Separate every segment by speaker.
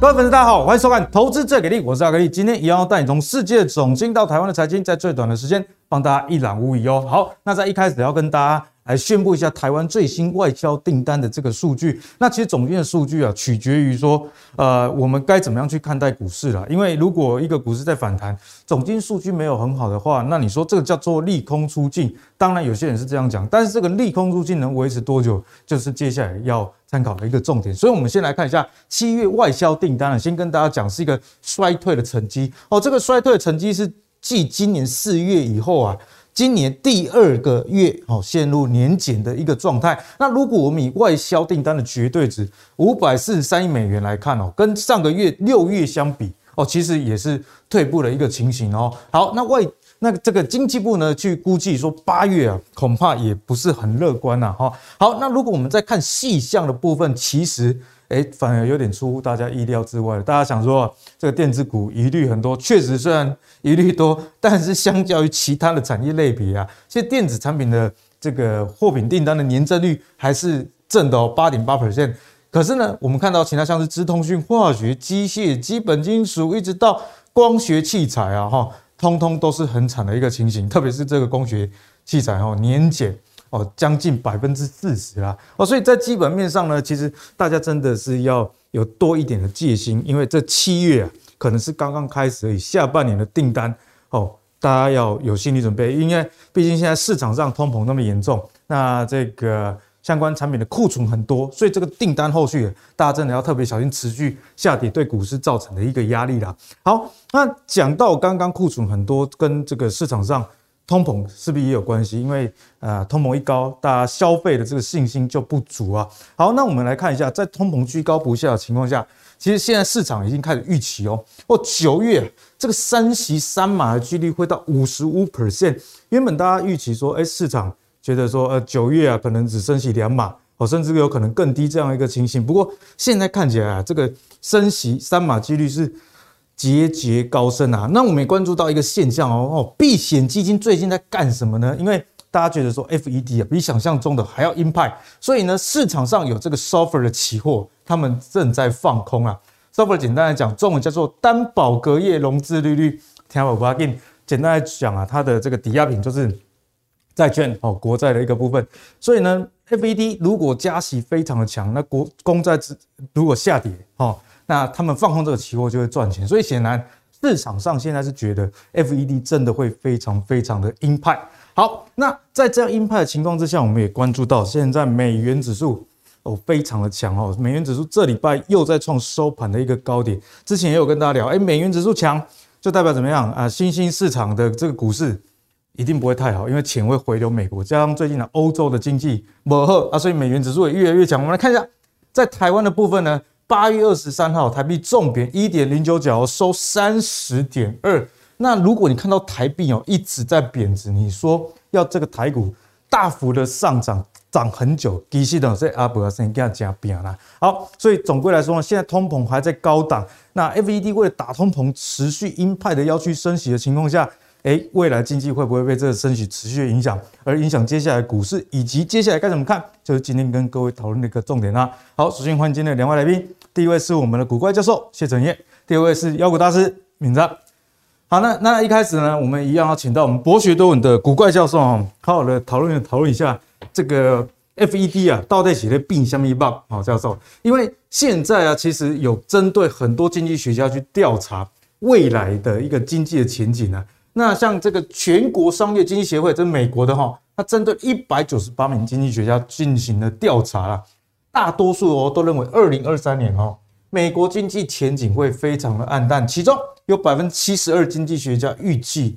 Speaker 1: 各位粉絲，大家好，歡迎收看《投資最給力》，我是阿格力，今天一樣要帶你從世界總經到台灣的財經，在最短的時間幫大家一覽無遺哦。好，那在一開始要跟大家，來宣布一下台灣最新外銷訂單的這個數據。那其實總經的數據啊，取決於說，呃，我們該怎麼樣去看待股市了。因為如果一個股市在反彈，總經數據沒有很好的話，那你說這個叫做利空出盡。當然有些人是這樣講，但是這個利空出盡能維持多久，就是接下來要參考的一個重點。所以我們先來看一下七月外銷訂單啊，先跟大家講是一個衰退的成績哦，這個衰退的成績是繼今年四月以後啊。今年第二個月哦，陷入年減的一個狀態。那如果我們以外銷訂單的絕對值五百四十三億美元來看哦，跟上個月六月相比哦，其實也是退步了一個情形哦。好，那外那這個經濟部呢，去估計說八月啊，恐怕也不是很樂觀吶、啊、哈。好，那如果我們再看細項的部分，其實。哎，反而有點出乎大家意料之外，大家想說，這個電子股疑慮很多，確實雖然疑慮多，但是相較於其他的產業類別啊，其實電子產品的這個貨品訂單的年增率還是正的、哦，八點八 percent。可是呢，我們看到其他像是資通訊、化學、機械、基本金屬，一直到光學器材啊，哈、哦，通通都是很慘的一個情形，特別是這個光學器材哈、哦，年減哦，將近百分之四十啦，哦，所以在基本面上呢，其實大家真的是要有多一點的戒心，因為這七月、啊、可能是剛剛開始而已，下半年的訂單哦，大家要有心理準備，因為畢竟現在市場上通膨，膨那麼嚴重，那這個相關產品的庫存很多，所以這個訂單後續、啊、大家真的要特別小心，持續下跌對股市造成的一個壓力啦。好，那講到剛剛庫存很多跟這個市場上。通膨是不是也有關係？因為，呃，通膨一高，大家消費的這個信心就不足啊。好，那我們來看一下，在通膨居高不下的情況下，其實現在市場已經開始預期哦，哦，九月這個升息三碼的幾率會到五十五 percent。原本大家預期說，哎、欸，市場覺得說，呃，九月啊可能只升息兩碼，哦，甚至有可能更低這樣一個情形。不過現在看起來啊，這個升息三碼幾率是。節節高昇啊！那我們也關注到一個現象哦，避險基金最近在幹什麼呢？因為大家覺得說 F E D 啊比想象中的還要鷹派，所以呢，市場上有這個 SOFR 的期貨，他們正在放空啊。SOFR 簡單來講，中文叫做擔保隔夜融資利率聽不懂？簡單來講啊，它的這個抵押品就是債券哦，國債的一個部分。所以呢，F E D 如果加息非常的強，那國公債如果下跌，哈。那他們放空這個期貨就會賺錢，所以顯然市場上現在是覺得 FED 真的會非常非常的鷹派。好，那在這樣鷹派的情況之下，我們也關注到現在美元指數哦非常的強哦，美元指數這禮拜又再創收盤的一個高點。之前也有跟大家聊，哎、欸，美元指數強就代表怎麼樣啊？新興市場的這個股市一定不會太好，因為錢會回流美國，加上最近的、啊、歐洲的經濟磨合啊，所以美元指數也越來越強。我們來看一下在台灣的部分呢。八月二十三號，台幣重貶一點零九角，收三十點二。那如果你看到台幣哦一直在貶值，你說要這個台股大幅的上漲，漲很久，低系統所以阿伯先加加平啦。好，所以總歸來說呢，現在通膨還在高檔，那 FED 為了打通膨，持續鷹派的要去升息的情況下，哎、欸，未來經濟會不會被這個升息持續的影響，而影響接下來股市，以及接下來該怎麼看，就是今天跟各位討論的一個重點啦。好，首先歡迎今天的兩位來賓。第一位是我們的股怪教授謝晨彥，第二位是妖股大師閔漳。好，那那一開始呢，我們一樣要請到我們博學多聞的股怪教授，好好的討論討論一下這個 FED 啊到底取的病相一棒好，教授？因為現在啊，其實有針對很多經濟學家去調查未來的一個經濟的前景啊。那像這個全國商業經濟協會，在美國的哈、啊，它針對一百九十八名經濟學家進行了調查了、啊。大多數哦都認為2023，哦，二零二三年美國經濟前景會非常的暗淡。其中有百分之七十二的經濟學家預計，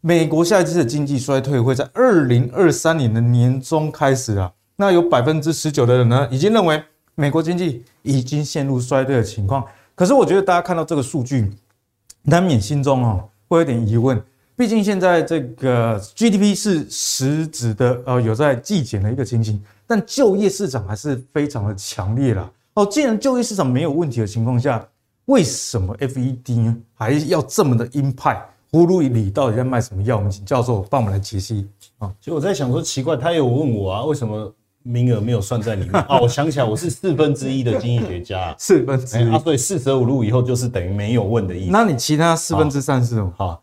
Speaker 1: 美國下一次的經濟衰退會在二零二三年的年中開始啊。那有百分之十九的人呢，已經認為美國經濟已經陷入衰退的情況。可是我覺得大家看到這個數據，難免心中哦會有點疑問。畢竟現在這個 GDP 是實質的，呃，有在季減的一個情形。但就業市場還是非常的強烈啦。哦，既然就業市場沒有問題的情況下，為什麼 F E D 呢還要這麼的鷹派？葫蘆裡到底在賣什麼藥？我們請教授幫我們來解析
Speaker 2: 啊。其實我在想說，奇怪，他有問我啊，為什麼名額沒有算在裡面？ 哦，我想起來，我是四分之一的經濟學家，四分之一、欸、啊，對，四舍五入以後就是等於沒有問的意思。那你其他四分之三是什麼？啊啊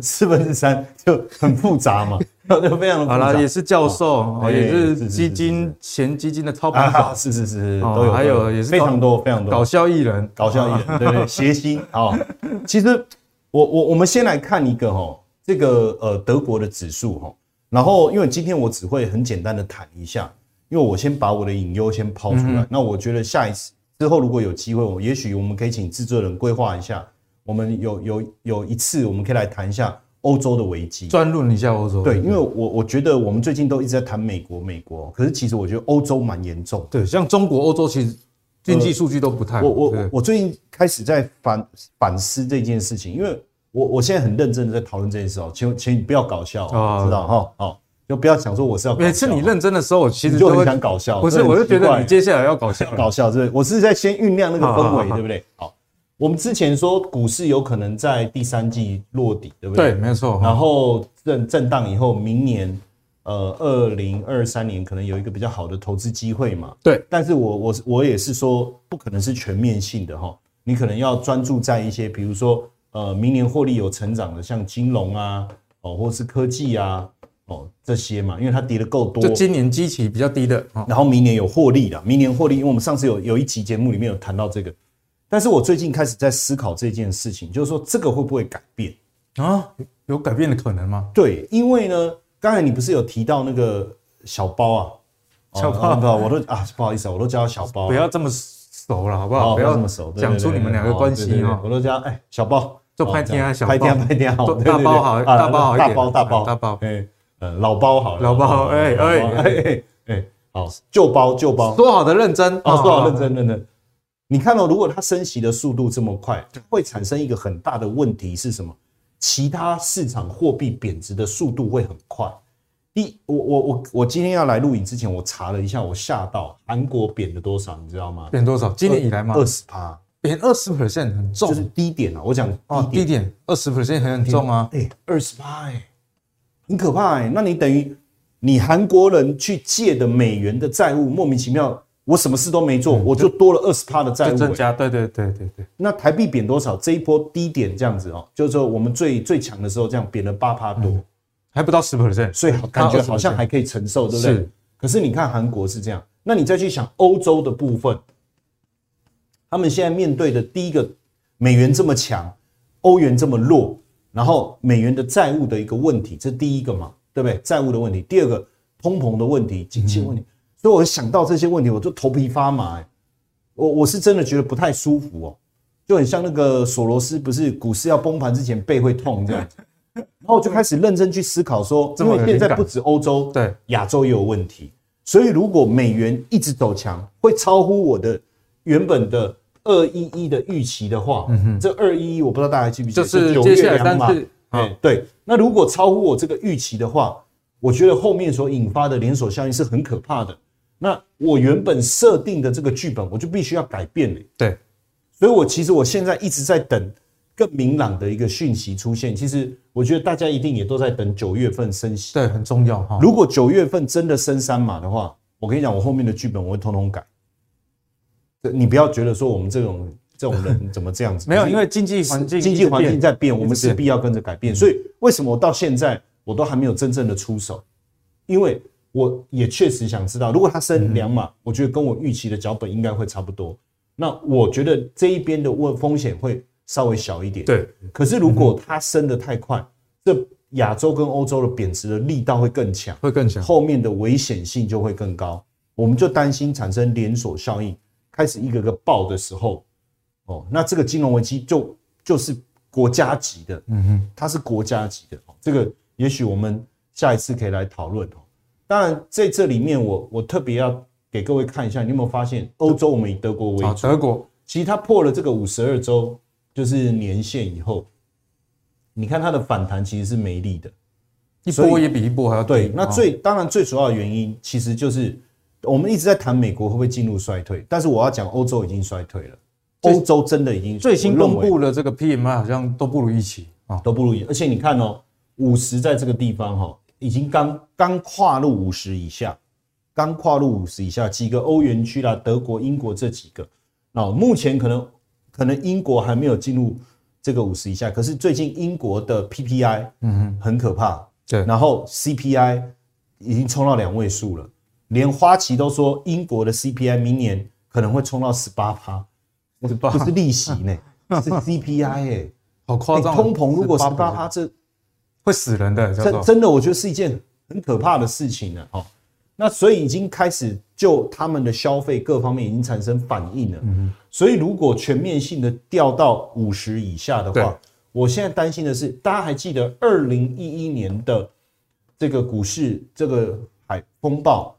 Speaker 2: 四 分之三就很複雜嘛，就非常複雜 好啦，也是教
Speaker 1: 授，哦、也是基金是是是是前基金的操盤手，是是是、哦、是，是，是，都、哦、有，還有也是非常
Speaker 2: 多非常多搞笑藝人，搞笑藝人，啊藝人啊、對，對對，諧星啊。 其實我我我們先來看一個哦、喔，這個呃德國的指數哈、喔，然後因為今天我只會很簡單的談一下，因為我先把我的隱憂先拋出來、嗯，那我覺得下一次之後如果有機會，我也許我們可以請制作人規劃一下。我們有有有一次，我們可以來談一下歐洲的危機，專論一下歐洲。對，因為我我覺得我們最近都一直在談美國，美國，可是其實我覺得歐洲蠻嚴重。對，像中國、歐洲，其實經濟數據都不太好，呃、我我我最近開始在反反思這件事情，因為我我現在很認真的在討論這件事情，喔，請請你不要搞笑，喔，知道哈？好，就不要想說我是要。每次你認真的時候，我其實就很想搞笑、喔。不是，我就覺得你接下來要搞笑，搞笑，是不是我是在先醞釀那個氛圍，對不對？好。我們之前說股市有可能在第三季落底，對不對？對，沒錯。然後震震盪以後，明年呃，二零二三年可能有一個比較好的投資機會嘛。對，但是我我我也是說，不可能是全面性的哈。你可能要專注在一些，比如說呃，明年獲利有成長的，像金融啊，哦，或者是科技啊，哦這些嘛，因為它跌得夠多。今年基期比較低的，然後明年有獲利的，明年獲利，因為我們上次有有一期節目裡面有談到這個。但是我最近開始在思考這件事情，就是說這個會不會改變啊？有改變的可能嗎？對，因為呢，剛才你不是有提到那個小包啊？
Speaker 1: 小包、啊，不、哦嗯嗯嗯，我都
Speaker 2: 啊，不好意思，我都叫他小包、啊，不要這麼熟了，好不好？哦、不要這麼熟，講出你們兩個關係哦。我都叫哎、欸、小包，就拍天啊，小包拍天、啊、拍天、啊好，好，對對對好，好，啊、好，大包好，大包好大包大包大包，誒、欸、呃、嗯，老包好了，老包誒誒誒誒誒好，舊包舊包說，說好的認真，哦，說好認真認真。你看到哦，如果它升息的速度這麼快，會產生一個很大的問題是什麼？其他市場貨幣貶值的速度會很快。一，我我我我今天要來錄影之前，我查了一下，我嚇到，韓國貶了多少，你知道嗎？貶多少？今年以來嗎？二十趴，貶二十 percent，很重，就是低點啊。我講低點二十
Speaker 1: percent 很重啊。哎，二十趴哎，
Speaker 2: 很、欸、可怕、欸。那你等於你韓國人去借的美元的債務，莫名其妙。我什麼事都沒做，嗯、就我就多了二十趴的債務、欸、增加，
Speaker 1: 對對對對對。
Speaker 2: 那台幣貶多少？這一波低點這樣子哦、喔，就是說我們最最強的時候這樣貶了八趴多、嗯，還不到十 percent，所以感覺好像還可以承受，對不對？是。可是你看韓國是這樣，那你再去想歐洲的部分，他們現在面對的第一個，美元這麼強，歐、嗯、元這麼弱，然後美元的債務的一個問題，這是第一個嘛，對不對？債務的問題，第二個通膨、膨的問題，景氣問題。嗯所以，我想到這些問題，我就頭皮發麻、欸。誒我我是真的覺得不太舒服哦、喔，就很像那個索羅斯，不是股市要崩盤之前背會痛這樣。然後我就開始認真去思考說，因為現在不止歐洲，對，亞洲也有問題，所以如果美元一直走強，會超乎我的原本的二一一的預期的話，這二一一我不知道大家記不記得九月兩碼。對對，那如果超乎我這個預期的話，我覺得後面所引發的連鎖效應是很可怕的。那我原本設定的這個劇本，我就必須要改變嘞、欸。對，所以我其實我現在一直在等更明朗的一個訊息出現。其實我覺得大家一定也都在等九月份升息。對，很重要哈、哦。如果九月份真的升三碼的話，我跟你講，我後面的劇本我會通通改。你不要覺得說我們這種這種人怎麼這樣子？沒有，因為經濟環境經濟環境在變，我們勢必要跟着改變。所以為什麼我到現在我都還沒有真正的出手？因為。我也確實想知道，如果它升兩碼、嗯，我覺得跟我預期的腳本應該會差不多。那我覺得這一邊的問風險會稍微小一點。對，可是如果它升得太快，嗯、這亞洲跟歐洲的貶值的力道會更強，會更強，後面的危險性就會更高。我們就擔心產生連鎖效應，開始一個一個爆的時候，哦，那這個金融危機就就是國家級的，嗯哼，它是國家級的。哦、這個也許我們下一次可以來討論當然，在這裡面我，我我特別要給各位看一下，你有沒有發現，歐洲我們以德國為主，德國其實它破了這個五十二周就是年限以後，你看它的反彈其實是沒力的，一波也比一波還要對。那最當然最主要的原因，其實就是我們一直在談美國會不會進入衰退，但是我要講歐洲已經衰退了，歐洲真的已經衰退了，最新公布的這個 PMI 好像都不如預期啊，都不如預期。而且你看哦，五十在這個地方哈。已經剛剛跨入五十以下，剛跨入五十以下，幾個歐元區啦，德國、英國這幾個，那、哦、目前可能可能英國還沒有進入這個五十以下，可是最近英國的 PPI 嗯很可怕、嗯，然後 CPI 已經衝到兩位數了，連花旗都說英國的 CPI 明年可能會衝到十八趴，不是利息呢、欸啊，是 CPI 哎、欸，好誇張、欸，通膨如果十八趴這。會死人的，真、嗯、真的，我覺得是一件很可怕的事情了、啊。哦，那所以已經開始就他們的消費各方面已經產生反應了。嗯、所以如果全面性的掉到五十以下的話，我現在擔心的是，大家還記得二零一一年的這個股市這個海風暴，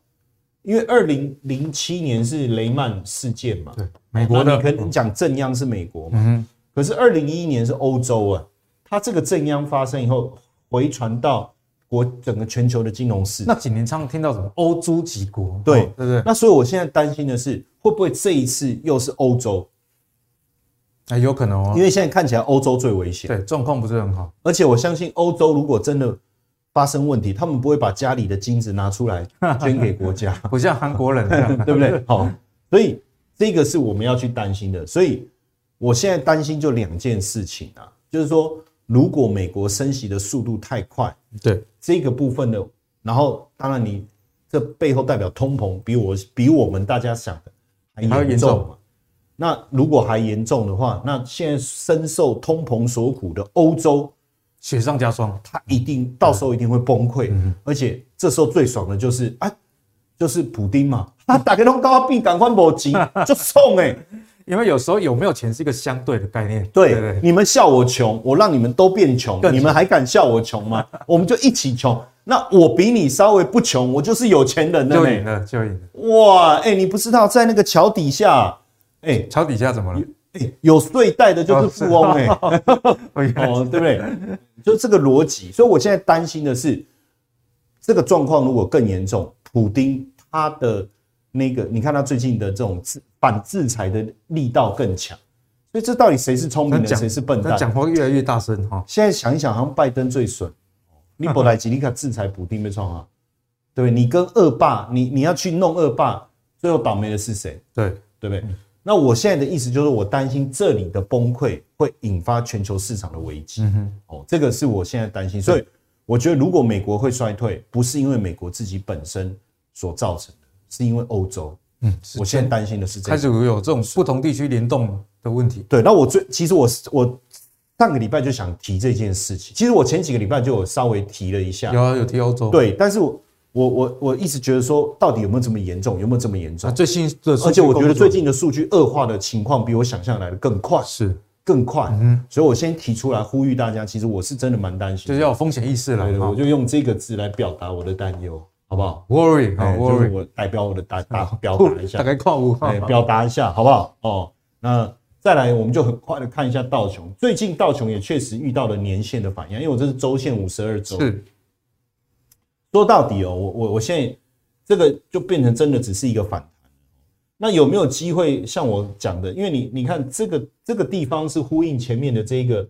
Speaker 2: 因為二零零七年是雷曼事件嘛，對，美國的，你可能講震央是美國嘛，嗯、可是二零一一年是歐洲啊，它這個震央發生以後。回傳到國整個全球的金融市，那幾年常常聽到什麼歐洲幾國，對、哦，對對對。那所以，我現在擔心的是會不會這一次又是歐洲？
Speaker 1: 哎、欸，有可能哦，因為
Speaker 2: 現在看起來歐洲最危險，對狀況不是很好。而且我相信歐洲如果真的發生問題，他們不會把家裡的金子拿出來捐給國家， 不像韓國人這樣， 對不對？好、哦，所以這個是我們要去擔心的。所以我現在擔心就兩件事情啊，就是說。如果美國升息的速度太快，對這個部分呢？然後當然你這背後代表通膨比我比我們大家想的還嚴重，還嚴重，嗎？還嚴重嗎？那如果還嚴重的話，那現在深受通膨所苦的歐洲雪上加霜，它，一定到時候一定會崩潰。嗯嗯嗯、而且這時候最爽的就是啊，就是普丁嘛，那打開通道幣，趕快搏擊就衝哎。
Speaker 1: 因為有時候有沒有錢是一個相對的概念。對，對
Speaker 2: 對對，你們笑我窮，我讓你們都變窮，你們還敢笑我窮嗎？ 我們就一起窮。那我比你稍微不窮，我就是有錢人了、欸。就贏了，就贏了。哇、欸，你不知道在那個橋底下，哎、欸，橋底下怎麼了？欸、有睡袋的就是富翁，哎、欸，哦， 哦對不對？就這個邏輯，所以我現在擔心的是，這個狀況如果更嚴重，普丁他的。那個，你看他最近的這種制反制裁的力道更強，所以這到底誰是聰明的，誰是笨蛋？講話越來越大聲哈！現在想一想，好像拜登最損。你伯萊吉你卡制裁普丁沒錯哈，對你跟惡霸，你你要去弄惡霸，最後倒霉的是誰？對，對不對？那我現在的意思就是，我擔心這裡的崩潰會引發全球市場的危機。哦，這個是我現在擔心。所以我覺得，如果美國會衰退，不是因為美國自己本身所造成，是因為歐洲，嗯，我現在擔心的是，這個、開始有有這種不同地區聯動的問題。對，那我最其實我是我上個禮拜就想提這件事情。其實我前幾個禮拜就有稍微提了一下，有啊，有提歐洲。對，但是我我我我一直覺得說，到底有沒有這麼嚴重？有沒有這麼嚴重啊？最新的，而且我覺得最近的數據惡化的情況比我想象來得更快，是更快。嗯，所以我先提出來呼籲大家。其實我是真的蠻擔心，就是要風險意識了。的，哦。我就用這個字來表達我的擔憂。好不好？Worry，w、欸、o、oh, r r y 我代表我的大大表達一下，大 概，看我哎、欸，表達一下好不好？哦，那再來，我們就很快的看一下道瓊。最近道瓊也確實遇到了年線的反應，因為我這是周線五十二周。是，說到底哦，我我我現在這個就變成真的只是一個反彈。那有沒有機會像我講的？因為你你看這個這個地方是呼應前面的這一個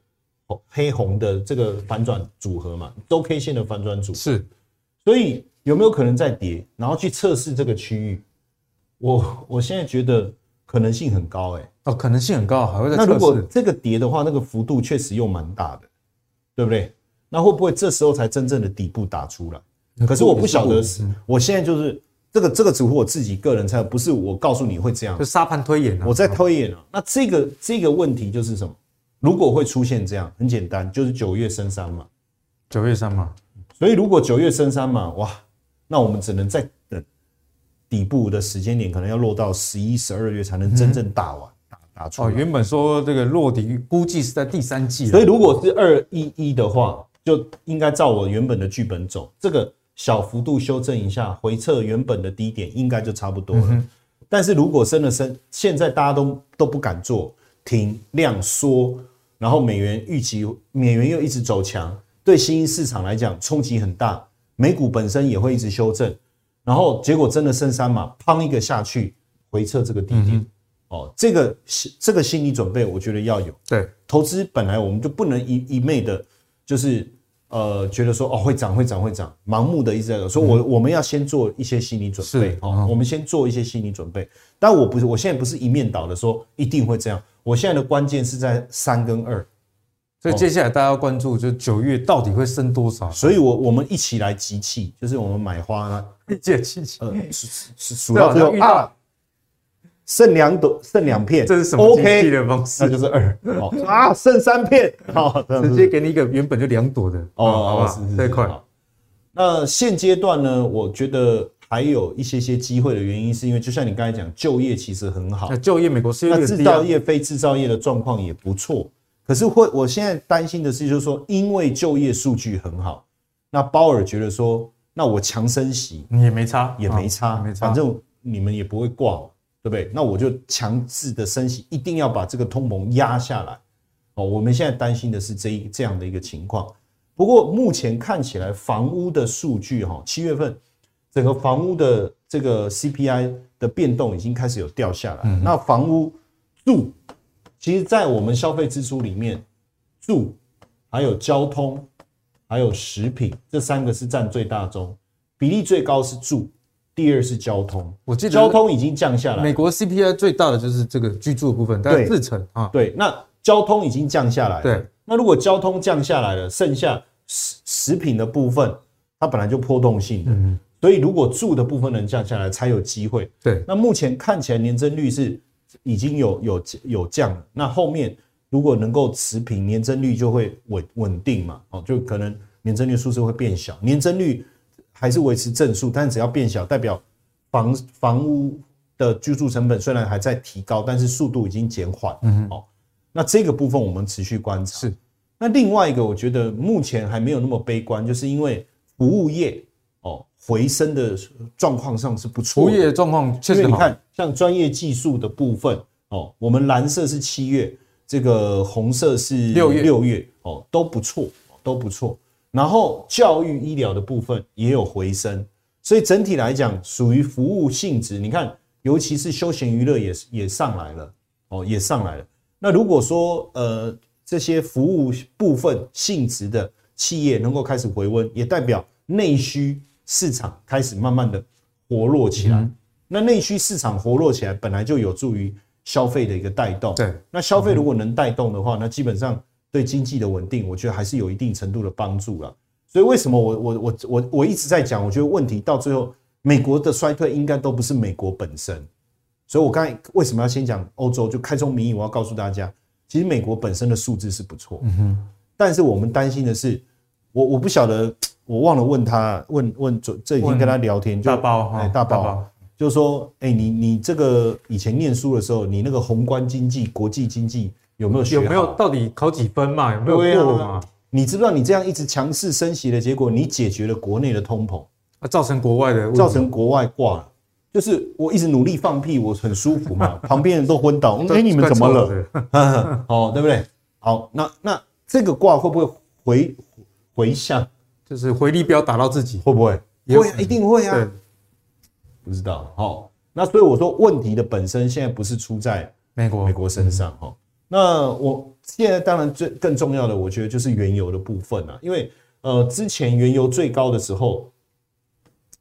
Speaker 2: 黑紅的這個反轉組合嘛，周 K 線的反轉組合。是，所以。有沒有可能再跌，然後去測試這個區域？我我現在覺得可能性很高，欸，誒哦，可能性很高，還會再測試。那如果這個跌的話，那個幅度確實又蠻大的，對不對？那會不會這時候才真正的底部打出來？呃、可是我不曉得是，呃呃我不是，我現在就是這個這個只是我自己個人猜，不是我告訴你會這樣，就是，沙盤推演、啊、我在推演啊。嗯、那這個這個問題就是什麼？如果會出現這樣，很簡單，就是九月升三嘛，九月三嘛。所以如果九月升三嘛，哇！那我們只能在等底部的時間點，可能要落到十一、十二月才能真正大完打打出。原本說這個落底估計是在第三季，所以如果是二一一的話，就應該照我原本的劇本走，這個小幅度修正一下，回測原本的低點，應該就差不多了。但是如果升了升，現在大家都都不敢做，停量縮，然後美元預期美元又一直走強，對新興市場來講衝擊很大。美股本身也會一直修正，然後結果真的升三碼，砰一個下去回撤這個低點，嗯、哦，這個這個心理準備，我覺得要有。對，投資本來我們就不能一一昧的，就是呃，覺得說哦會漲會漲會漲，盲目的一直在說我、嗯、我們要先做一些心理準備，好、哦，我們先做一些心理準備。但我不，是，我現在不是一面倒的說一定會這樣，我現在的關鍵是在三跟二。所以接下來大家要關注，就是九月到底會升多少、啊？所以我，我我們一起來集氣，就是我們買花，一解氣氣。嗯，是是，數到最後，剩兩朵，剩兩片，這是什麼的方式？OK，那就是二。好啊，剩三片，好、 哦，直接給你一個原本就兩朵的。哦，嗯、好吧，太快。那現階段呢，我覺得還有一些些機會的原因，是因為就像你剛才講，就業其實很好，啊、就業美國是那製造業、非製造業的狀況也不錯。可是會，我現在擔心的是，就是說，因為就業數據很好，那鮑爾覺得說，那我強升息也沒差，也沒差、哦你也喔，也沒差，反正你們也不會掛、喔，對不對？那我就強制的升息，一定要把這個通膨壓下來。哦、喔，我們現在擔心的是這一這樣的一個情況。不過目前看起來，房屋的數據哈、喔，七月份整個房屋的這個 CPI 的變動已經開始有掉下來、嗯，那房屋住。其實，在我們消費支出裡面，住、還有交通、還有食品，這三個是占最大宗，比例最高是住，第二是交通。我記得交通已經降下來。美國 CPI 最大的就是這個居住的部分，大概四成啊。對，那交通已經降下來了。對，那如果交通降下來了，剩下食食品的部分，它本來就波動性的。嗯嗯，所以如果住的部分能降下來，才有機會。對，那目前看起來年增率是。已經有有有降了，那後面如果能夠持平，年增率就會穩穩定嘛，哦，就可能年增率數字會變小，年增率還是維持正數，但只要變小，代表房房屋的居住成本雖然還在提高，但是速度已經減緩，嗯，哦，那這個部分我們持續觀察。是，那另外一個我覺得目前還沒有那麼悲觀，就是因為服務業。哦，回升的狀況上是不錯，服務業狀況確實好。因為你看，像專業技術的部分，哦，我們藍色是七月，這個紅色是六月，六月哦都不錯，都不錯。然後教育醫療的部分也有回升，所以整體來講屬於服務性質。你看，尤其是休閒娛樂也也上來了，哦，也上來了。那如果說呃這些服務部分性質的企業能夠開始回溫，也代表內需。市場開始慢慢的活絡起來、嗯，那內需市場活絡起來，本來就有助於消費的一個帶動。對，那消費如果能帶動的話，那基本上對經濟的穩定，我覺得還是有一定程度的幫助了。所以為什麼我我我我我一直在講，我覺得問題到最後，美國的衰退應該都不是美國本身。所以我剛才為什麼要先講歐洲？就開宗明義，我要告訴大家，其實美國本身的數字是不錯，嗯哼。但是我們擔心的是，我我不曉得。我忘了問他，問問這這已經跟他聊天，大包哈、哦欸，大包，就是說，哎、欸，你你這個以前念書的時候，你那個宏觀經濟、國際經濟有沒有學？有沒有到底考幾分嘛？有沒有過嘛？你知不知道你這樣一直強勢升息的結果，你解決了國內的通膨，啊，造成國外的，造成國外掛了，就是我一直努力放屁，我很舒服嘛， 旁邊人都昏倒，哎、 欸，你們怎麼了？ 哦，對不對？好，那那這個掛會不會回回向？就是回力標打到自己，會不會？也會，會、啊，一定會啊。不知道，哈、哦。那所以我說，問題的本身現在不是出在美國，美國身上，哈、嗯哦。那我現在當然最更重要的，我覺得就是原油的部分啊，因為呃，之前原油最高的時候，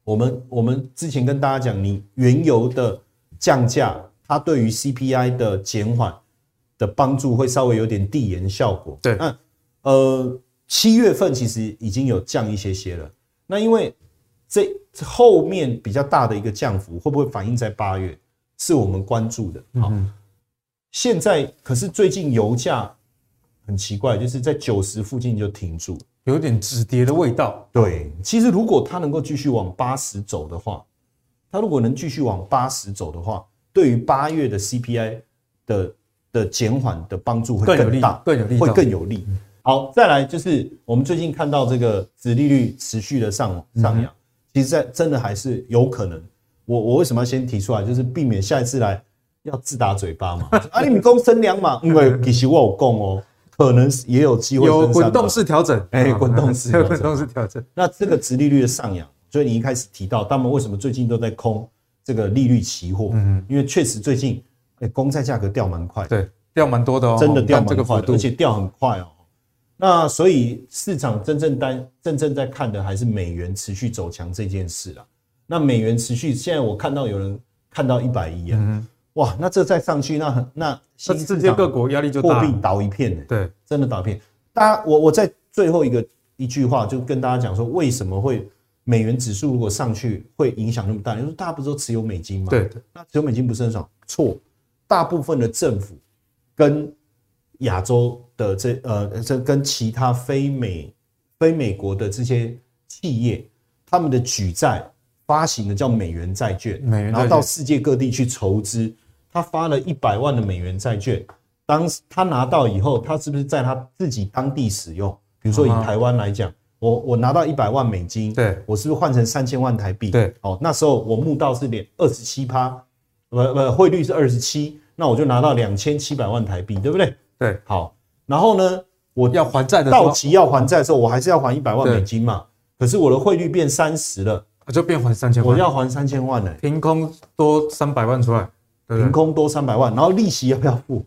Speaker 2: 我們我們之前跟大家講，你原油的降價，它對於 CPI 的減緩的幫助會稍微有點遞延效果，對，那呃。七月份其實已經有降一些些了，那因為這後面比較大的一個降幅會不會反映在八月，是我們關注的。好，現在可是最近油價很奇怪，就是在九十附近就停住，有點止跌的味道。對，其實如果它能夠繼續往八十走的話，它如果能繼續往八十走的話，對於八月的 CPI 的的減緩的幫助會更大，會更有力。好，再來就是我們最近看到這個殖利率持續的上上揚，其實在真的還是有可能。我我為什麼要先提出來，就是避免下一次來要自打嘴巴嘛。啊，你們供升兩碼，對，其實我有供哦，可能也有機會有滾動式調整，哎，滾動式，滾動式調整啊。那這個殖利率的上揚，所以你一開始提到他們為什麼最近都在空這個利率期貨？嗯，因為確實最近哎，公債價格掉蠻快，
Speaker 1: 對，掉蠻多的哦，真的掉蠻多，而且掉
Speaker 2: 很快哦。那所以市場真正單，真正在看的還是美元持續走強這件事啦。那美元持續現在我看到有人看到一百一啊，哇，那這再上去，那那世界各國壓力就貨幣倒一片呢？對，真的倒一片。大家，我我再最後一個一句話就跟大家講說，為什麼會美元指數如果上去會影響那麼大？因為大家不是都持有美金嗎？對，那持有美金不是很爽？錯，大部分的政府跟亞洲。呃，這呃，這跟其他非美、非美國的這些企業，他們的舉債發行的叫美元債券，然後到世界各地去籌資。他發了一百萬的美元債券，當時他拿到以後，他是不是在他自己當地使用？比如說以台灣來講，uh -huh. 我我拿到一百萬美金，對，我是不是換成三千萬台幣？對，哦，那時候我募到是兩二十七趴，不不，不，匯率是二十七，那我就拿到兩千七百萬台幣，對不對？對，好。然後呢，我要還債的到期要還債的時候，我還是要還一百萬美金嘛。可是我的匯率變三十了，就變還三千萬。我要還三千萬呢、欸，憑空多三百萬出來，憑空多三百萬、嗯，然後利息要不要付？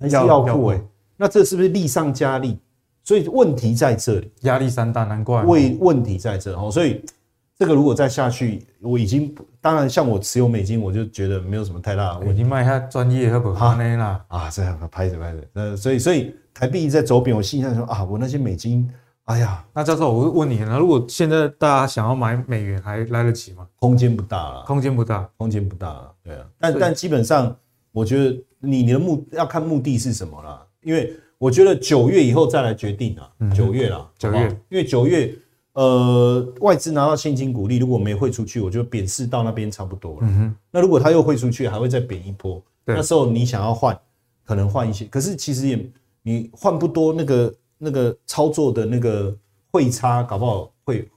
Speaker 2: 還是要付？欸、要不要付？那這是不是利上加利？所以問題在這裡，壓力山大，難怪為問題在這哦，所以。這個如果再下去，我已經當然像我持有美金，我就覺得沒有什麼太大的問題。我已經賣他專業和、啊啊啊、不哈那啦啊這樣拍着拍着那，所以所以台幣一直在走貶，我心想說啊，我那些美金，哎呀，那教授，我會問你呢。如果現在大家想要買美元，還來得及嗎？空間不大了，空間不大，空間不大了，空間不大了，對啊。但但基本上，我覺得你你的目要看目的是什麼啦。因為我覺得九月以後再來決定啊，嗯、九月啦，九月，因為九月。呃，外資拿到現金股利，如果沒匯出去，我就貶市到那邊差不多了。嗯哼。那如果他又匯出去，還會再貶一波。對。那時候你想要換，可能換一些，可是其實也你換不多，那個那個操作的那個匯差，搞不好會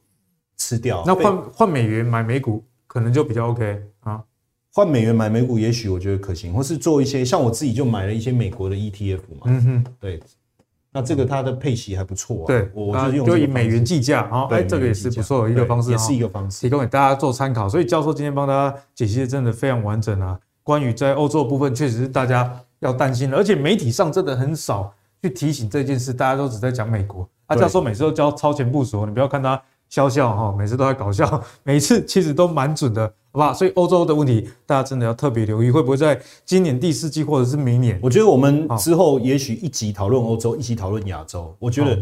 Speaker 2: 吃掉。那換換美元買美股，可能就比較 OK 啊。換美元買美股，也許我覺得可行，或是做一些像我自己就買了一些美國的 ETF 嘛。嗯哼，對。那這個它的配息還不錯、啊，嗯、對，我我就以美元計價啊，哎、欸欸，這個也是不錯的一個方式。哦，也是一個方式，提供給大家做參考。所以教
Speaker 1: 授今天幫大家解析的真的非常完整啊。關於在歐洲的部分，確實是大家要擔心的，而且媒體上真的很少去提醒這件事，大家都只在講美國。啊，教授每次都交超前部署。哦，對對對，你不要看他笑笑哈，每次都在搞笑，每次其實都蠻準的。好吧，所以歐洲的問題大家真的要特別留意，會不會在今年第四季或者是明年？我
Speaker 2: 覺得我們之後也許一集討論歐洲，一集討論亞洲。我覺得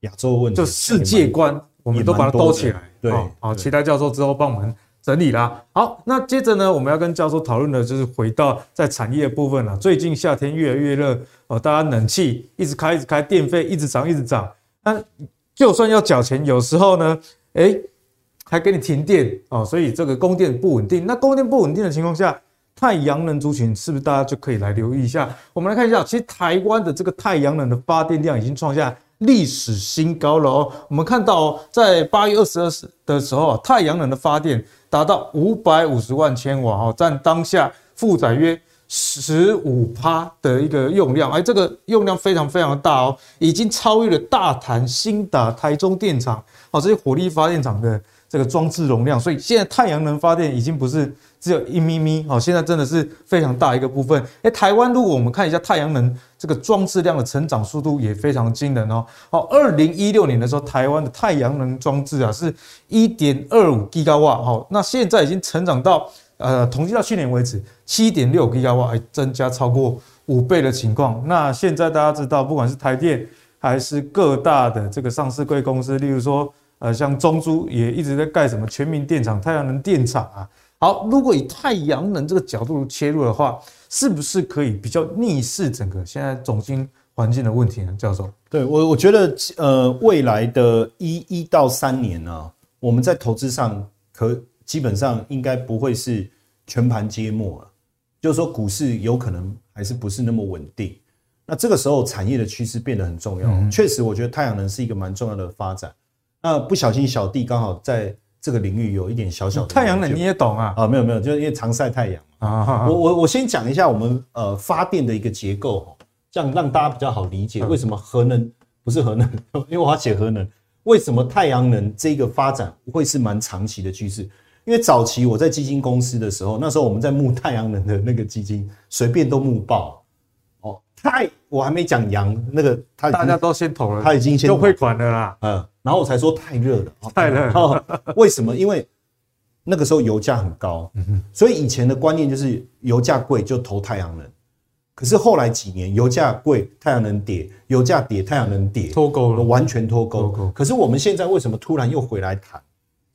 Speaker 2: 亞洲問題就世界觀，我們都把它兜起來。對，好，期待教授之後幫我們整理啦。
Speaker 1: 好，那接着呢，我們要跟教授討論的就是回到在產業的部分了、啊。最近夏天越來越熱哦、呃，大家冷氣一直開，一直開，電費一直漲，一直漲。那就算要繳錢，有時候呢，哎、欸。還給你停電哦，所以這個供電不穩定。那供電不穩定的情況下，太陽能族群是不是大家就可以來留意一下？我們來看一下，其實台灣的這個太陽能的發電量已經創下歷史新高了哦。我們看到在八月二十二日的時候，太陽能的發電達到五百五十萬千瓦哦，占當下負載約十五趴的一個用量。而、哎、這個用量非常非常大哦，已經超越了大潭、興達、台中電廠啊這些火力發電廠的，這個裝置容量，所以現在太陽能發電已經不是只有一咪咪，好，現在真的是非常大一個部分。哎，台灣，如果我們看一下太陽能這個裝置量的成長速度也非常驚人哦。好，二零一六年的時候，台灣的太陽能裝置啊是一點二五吉瓦，好，那現在已經成長到呃，統計到去年為止七點六吉瓦，還，增加超過五倍的情況。那現在大家知道，不管是台電還是各大的這個上市櫃公司，例如說。呃，像中租也一直在蓋什麼全民電廠、太陽能電廠啊。好，如果以太陽能這個角度切入的話，是不是可以比較逆勢整個現在總經環境的問題呢？教授，
Speaker 2: 對，我我覺得，呃，未來的一一到三年呢、啊，我們在投資上可基本上應該不會是全盤皆墨了。就是說，股市有可能還是不是那麼穩定。那這個時候，產業的趨勢變得很重要。確實，我覺得太陽能是一個蠻重要的發展。呃，不小心小弟剛好在這個領域有一點小小的。太陽能你也懂啊？啊，沒有沒有，就是因為常曬太陽啊，我、啊、我我先講一下我們呃發電的一個結構哈、喔，這樣讓大家比較好理解為什麼核能不是核能，因為我要寫核能為什麼太陽能這個發展不會是蠻長期的趨勢？因為早期我在基金公司的時候，那時候我們在募太陽能的那個基金，隨便都募爆。哦，太我還沒講陽那個，大家
Speaker 1: 都先投了，他已經先匯款了，了啦。
Speaker 2: 嗯。然後我才說太熱了，太熱了、哦哦。為什麼？因為那個時候油價很高，所以以前的觀念就是油價貴就投太陽能。可是後來幾年油價貴，太陽能跌；油價跌，太陽能跌，脫鈎了，完全脫鈎，脫鈎。可是我們現在為什麼突然又回來談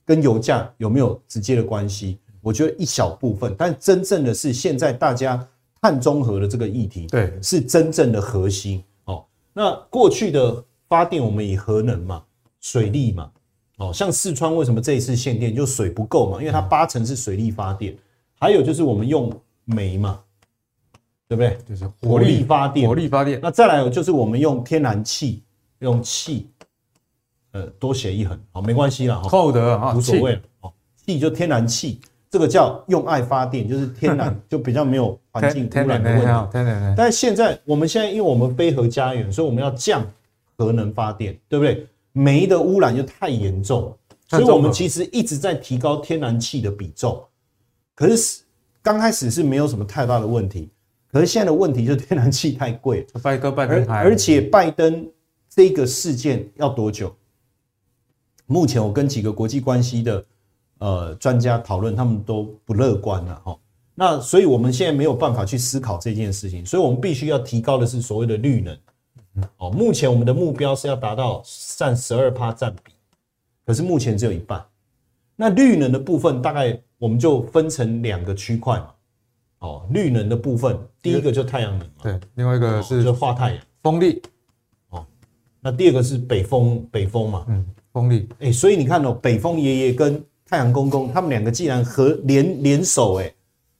Speaker 2: 跟油價有沒有直接的關係？我覺得一小部分，但真正的是現在大家碳中和的這個議題，對，是真正的核心。哦，那過去的發電我們以核能嘛。水力嘛，哦，像四川為什麼這一次限電就水不夠嘛？因為它八成是水力發電，嗯，還有就是我們用煤嘛，對不對？就是火力，火力發電，火力發電。那再來就是我們用天然氣，用氣，呃，多寫一橫，好，沒關係了哈。扣得啊，無所謂了、啊，哦，氣就天然氣，這個叫用愛發電，就是天然呵呵就比較沒有環境污染的問題。天然氣天然氣，欸欸。但是現在我們現在因為我們非核家園，所以我們要降核能發電，對不對？煤的污染就太嚴重，所以我們其實一直在提高天然氣的比重，可是剛開始是沒有什麼太大的問題，可是現在的問題就是天然氣太貴
Speaker 1: 了。而
Speaker 2: 且拜登這個事件要多久？目前我跟幾個國際關係的呃專家討論，他們都不樂觀了哈。那所以我們現在沒有辦法去思考這件事情，所以我們必須要提高的是所謂的綠能。哦，目前我們的目標是要達到占十二趴占比，可是目前只有一半。那綠能的部分大概我們就分成兩個區塊嘛。哦，綠能的部分，第一個就太陽能，對，另外一個是、哦、就化太陽，風力。哦，那第二個是北風，北風嘛，嗯，風力。欸、所以你看哦，北風爺爺跟太陽公公他們兩個既然合聯聯手，欸、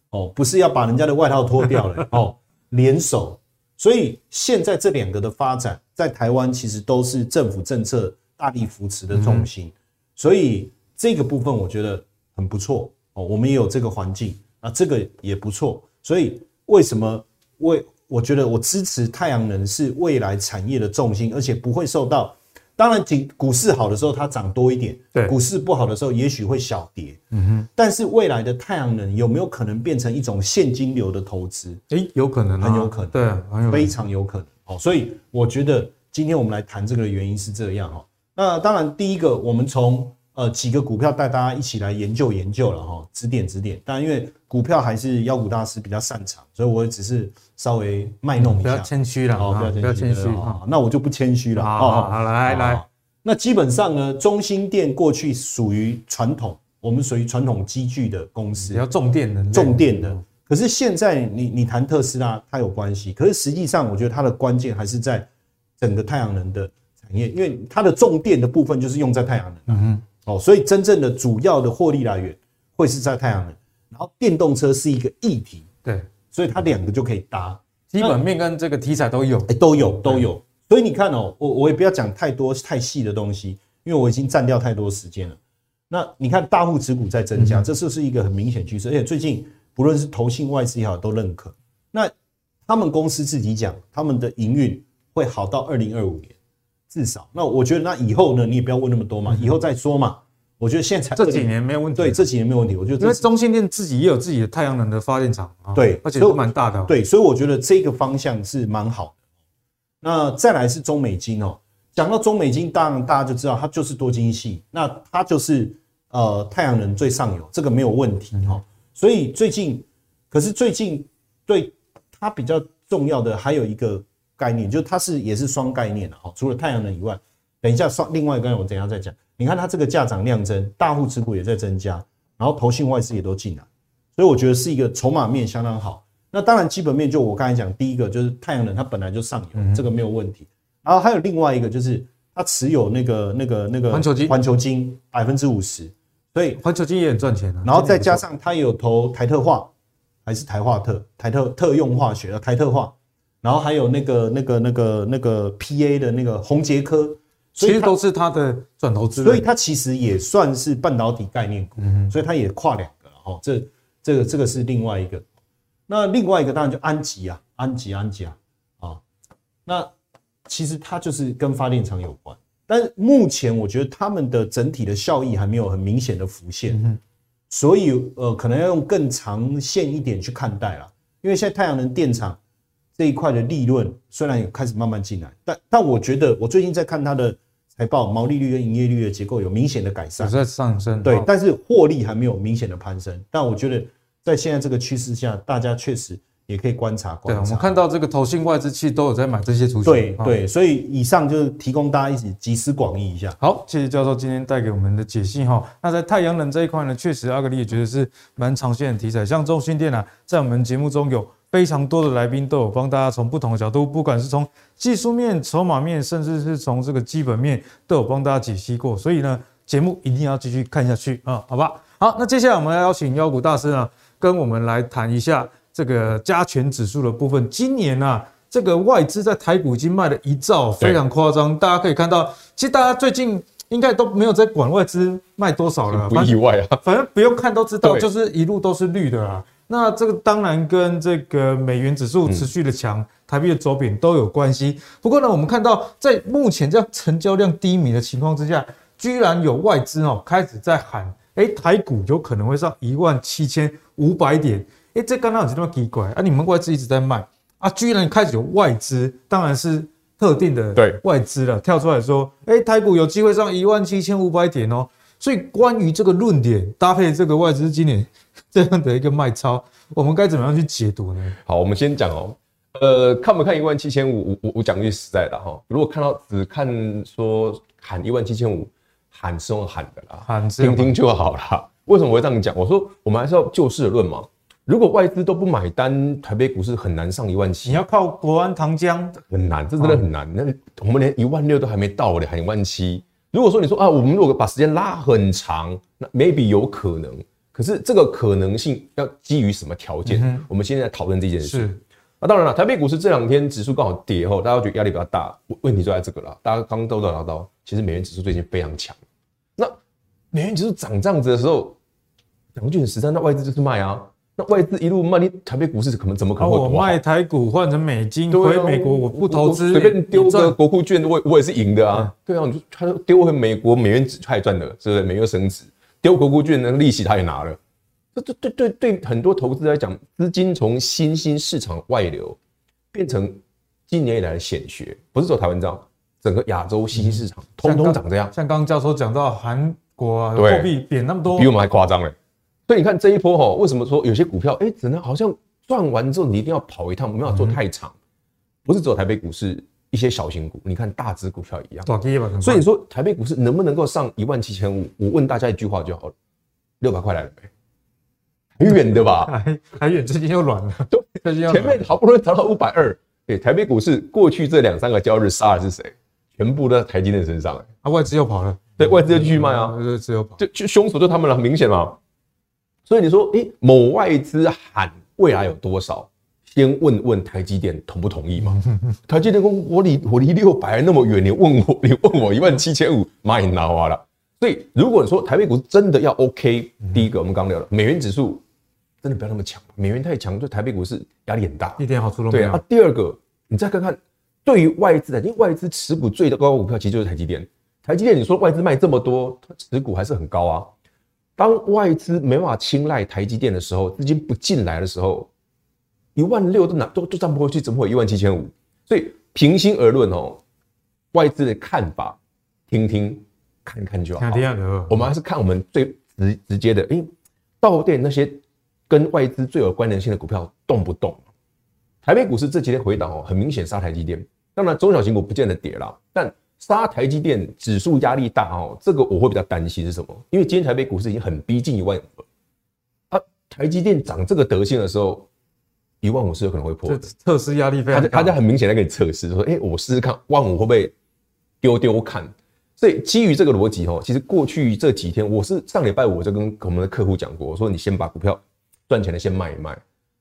Speaker 2: 哦，不是要把人家的外套脫掉了、欸、 哦，聯手。所以現在這兩個的發展在台灣其實都是政府政策大力扶持的重心，所以這個部分我覺得很不錯哦，我們也有這個環境啊，這個也不錯。所以為什麼為我，我覺得我支持太陽能是未來產業的重心，而且不會受到。當然，股股市好的時候，它漲多一點；股市不好的時候，也許會小跌。嗯哼。但是未來的太陽能有沒有可能變成一種現金流的投資？欸，有可能啊，很有可能，
Speaker 1: 對啊，非
Speaker 2: 常有可能。好，所以我覺得今天我們來談這個的原因是這樣哈。那當然，第一個我們從。呃，幾個股票帶大家一起來研究研究了哈，指點指點。但因為股票還是妖股大師比較擅長，所以我只是稍微賣弄一下。不要謙虛了，好、哦啊啊，不要謙虛啊，啊。那我就不謙虛了啊。好，來好好來好好好、哦。那基本上呢，中興電過去屬於傳統，我們屬於傳統機具的公司、嗯，比較重電的，重電的。嗯、可是現在你你談特斯拉，它有關係。可是實際上，我覺得它的關鍵還是在整個太陽能的產業，因為它的重電的部分就是用在太陽能。嗯嗯。哦，所以真正的主要的獲利來源會是在太陽能，然後電動車是一個議題，對，所以它兩個就可以搭，嗯，基本面跟這個題材都有，欸，都有都有，嗯。所以你看哦，我我也不要講太多太細的東西，因為我已經佔掉太多時間了。那你看大戶持股在增加，嗯，這就是一個很明顯趨勢，而且最近不論是投信外資也好都認可。那他們公司自己講，他們的營運會好到二零二五年。至少，那我覺得，那以後呢，你也不要問那麼多嘛，以後再說嘛。嗯、我覺得現在才 20, 這幾年沒有問題，對，這幾年沒有問題。我覺得因為中興電自己也有自己的太陽能的發電廠，對，而且都蠻大的、哦，對，所以我覺得這個方向是蠻好的。那再來是中美晶哦，講到中美晶，當然大家就知道它就是多晶矽，那它就是呃太陽能最上游，這個沒有問題、哦嗯、所以最近，可是最近對它比較重要的還有一個。概念就它是也是雙概念的哦，除了太陽能以外，等一下雙另外剛才，我等一下再講。你看它這個價漲量增，大戶持股也在增加，然後投信外資也都進來，所以我覺得是一個籌碼面相當好。那當然基本面就我剛才講，第一個就是太陽能它本來就上游，嗯，這個沒有問題。然後還有另外一個就是它持有那個那個那個環球晶環球晶百分之五十，所以環球晶也很賺錢啊。然後再加上它有投台特化，還是台化特台特特用化學啊台特化。然後還有那個、那個、那個、那個 P A 的那個宏捷科，其實都是它的轉投資，所以它其實也算是半導體概念股，嗯、所以它也跨兩個了哈、哦。這、這個、這個是另外一個，那另外一個當然就安集啊，安集、安集啊，啊、哦，那其實它就是跟發電廠有關，但是目前我覺得他們的整體的效益還沒有很明顯的浮現，嗯、所以呃，可能要用更長線一點去看待了，因為現在太陽能電廠。這一塊的利潤雖然有開始慢慢進來，但但我覺得我最近在看它的財報，毛利率跟營業率的結構有明顯的改善，有在上升，對，但是獲利還沒有明顯的攀升。但我覺得在現在這個趨勢下，大家確實也可以觀察過對察，我們看到這個投信外資器都有在買這些主題，對對。所以以上就是提供大家一起集思廣益一下。好，
Speaker 1: 謝謝教授今天帶給我們的解析哈。那在太陽能這一塊呢，確實阿格力也覺得是蠻長線的題材，像中興電啊，在我們節目中有。非常多的來賓都有幫大家從不同的角度，不管是從技術面、籌碼面，甚至是從這個基本面，都有幫大家解析過。所以呢，節目一定要繼續看下去啊、嗯，好吧？好，那接下來我們要邀請妖股大師啊，跟我們來談一下這個加權指數的部分。今年啊，這個外資在台股已經賣了一兆，非常誇張。大家可以看到，其實大家最近應該都沒有在管外資賣多少了。不意外啊，反正不用看都知道，就是一路都是綠的啊。那這個當然跟這個美元指數持續的強、嗯，台幣的走貶都有關係。不過呢，我們看到在目前這樣成交量低迷的情況之下，居然有外資哦開始在喊，誒、欸、台股有可能會上一萬七千五百點。誒、欸、這剛剛有這麼奇怪？啊，你們外資一直在賣啊，居然開始有外資，當然是特定的外資了，跳出來說，誒、欸、台股有機會上一萬七千五百點哦、喔。所以關於這個論點搭配這個外資今年。這樣的一個賣超，我們該怎麼樣去解讀呢？
Speaker 3: 好，我們先講哦、喔，呃，看不看一萬七千五？我我講句實在的哈，如果看到只看說喊一萬七千五，喊是用喊的啦，喊聽聽就好了。為什麼我會這樣講？我說我們還是要就事論嘛。如果外資都不買單，台北股市很難上一萬七。你要靠國安糖漿，很難，這真的很難。那、嗯、我們連一萬六都還沒到、欸、喊一萬七。如果說你說啊，我們如果把時間拉很長，那 maybe 有可能。可是這個可能性要基於什麼條件，嗯？我們現在在討論這件事。那、啊、當然了，台北股市這兩天指數剛好跌以後，大家覺得壓力比較大，問題就在這個了。大家剛剛都聊到，到，其實美元指數最近非常強。那美元指數漲這樣子的時候，兩軍十三，那外資就是賣啊，那外資一路賣，你台北股市可能怎麼可能會好、啊？我賣台股換成美金，對、啊、回美國，我不投資，隨便丟個國庫券，我我也是贏的啊。對啊，你說丟回美國，美元紙還賺的是不是？美元升值。丟國庫券那個利息他也拿了。這這對對對，對，很多投資來講，資金從新興市場外流，變成今年以來的顯學，不是說台灣這樣，整個亞洲新興市場通通漲這樣。嗯、像
Speaker 1: 剛剛教授講到韓國
Speaker 3: 貨幣貶那麼多，比我們還誇張嘞。所以你看這一波哈、喔，為什麼說有些股票哎，只、欸、能好像賺完之後你一定要跑一趟，沒有做太長，嗯、不是走台北股市。一些小型股，你看大支股票一樣，所以你說台北股市能不能夠上一萬七千五？我問大家一句話就好了，六百塊來了沒？很遠的吧？還 遠，最近又軟了。
Speaker 1: 對，前
Speaker 3: 面好不容易漲到五百二，對，台北股市過去這兩三個交易日殺的是誰？全部都在台積電身上、欸，啊，外資又跑了，對，外資又繼續賣啊，外資又跑，就就凶手就他們了，很明顯嘛、啊。所以你說，欸、某外資喊未來有多少？先問問台積電同不同意嘛？台積電講，我離我離六百那麼遠，你問我你問我一萬七千五，媽也拿花了啦。所以如果你說台北股真的要 OK，、嗯、第一個我們剛聊了美元指數真的不要那麼強，美元太強對台北股市壓力很大，一點好處都沒有。啊，第二個你再看看對於外資的，因為外資持股最高的股票其實就是台積電，台積電你說外資賣這麼多，它持股還是很高啊。當外資沒辦法青睞台積電的時候，資金不進來的時候。一萬六都拿都都漲不回去，怎麼會一萬七千五？所以平心而論哦，外資的看法，聽聽看看就好，好了。我們還是看我們最直直接的，哎、欸，到店那些跟外資最有關聯性的股票動不動，台北股市這幾天回檔哦，很明顯殺台積電。當然中小型股不見得跌了，但殺台積電指數壓力大哦，這個我會比較擔心是什麼？因為今天台北股市已經很逼近一萬五了，啊，台積電漲這個德性的時候。一萬五是有可能會破的，測試壓力非常大。他就他就很明顯在給你測試，說：“誒、欸、我試試看，萬五會不會丟丟看。”所以基於這個邏輯哦，其實過去這幾天，我是上禮拜五我就跟我們的客戶講過，我說：“你先把股票賺錢的先賣一賣。”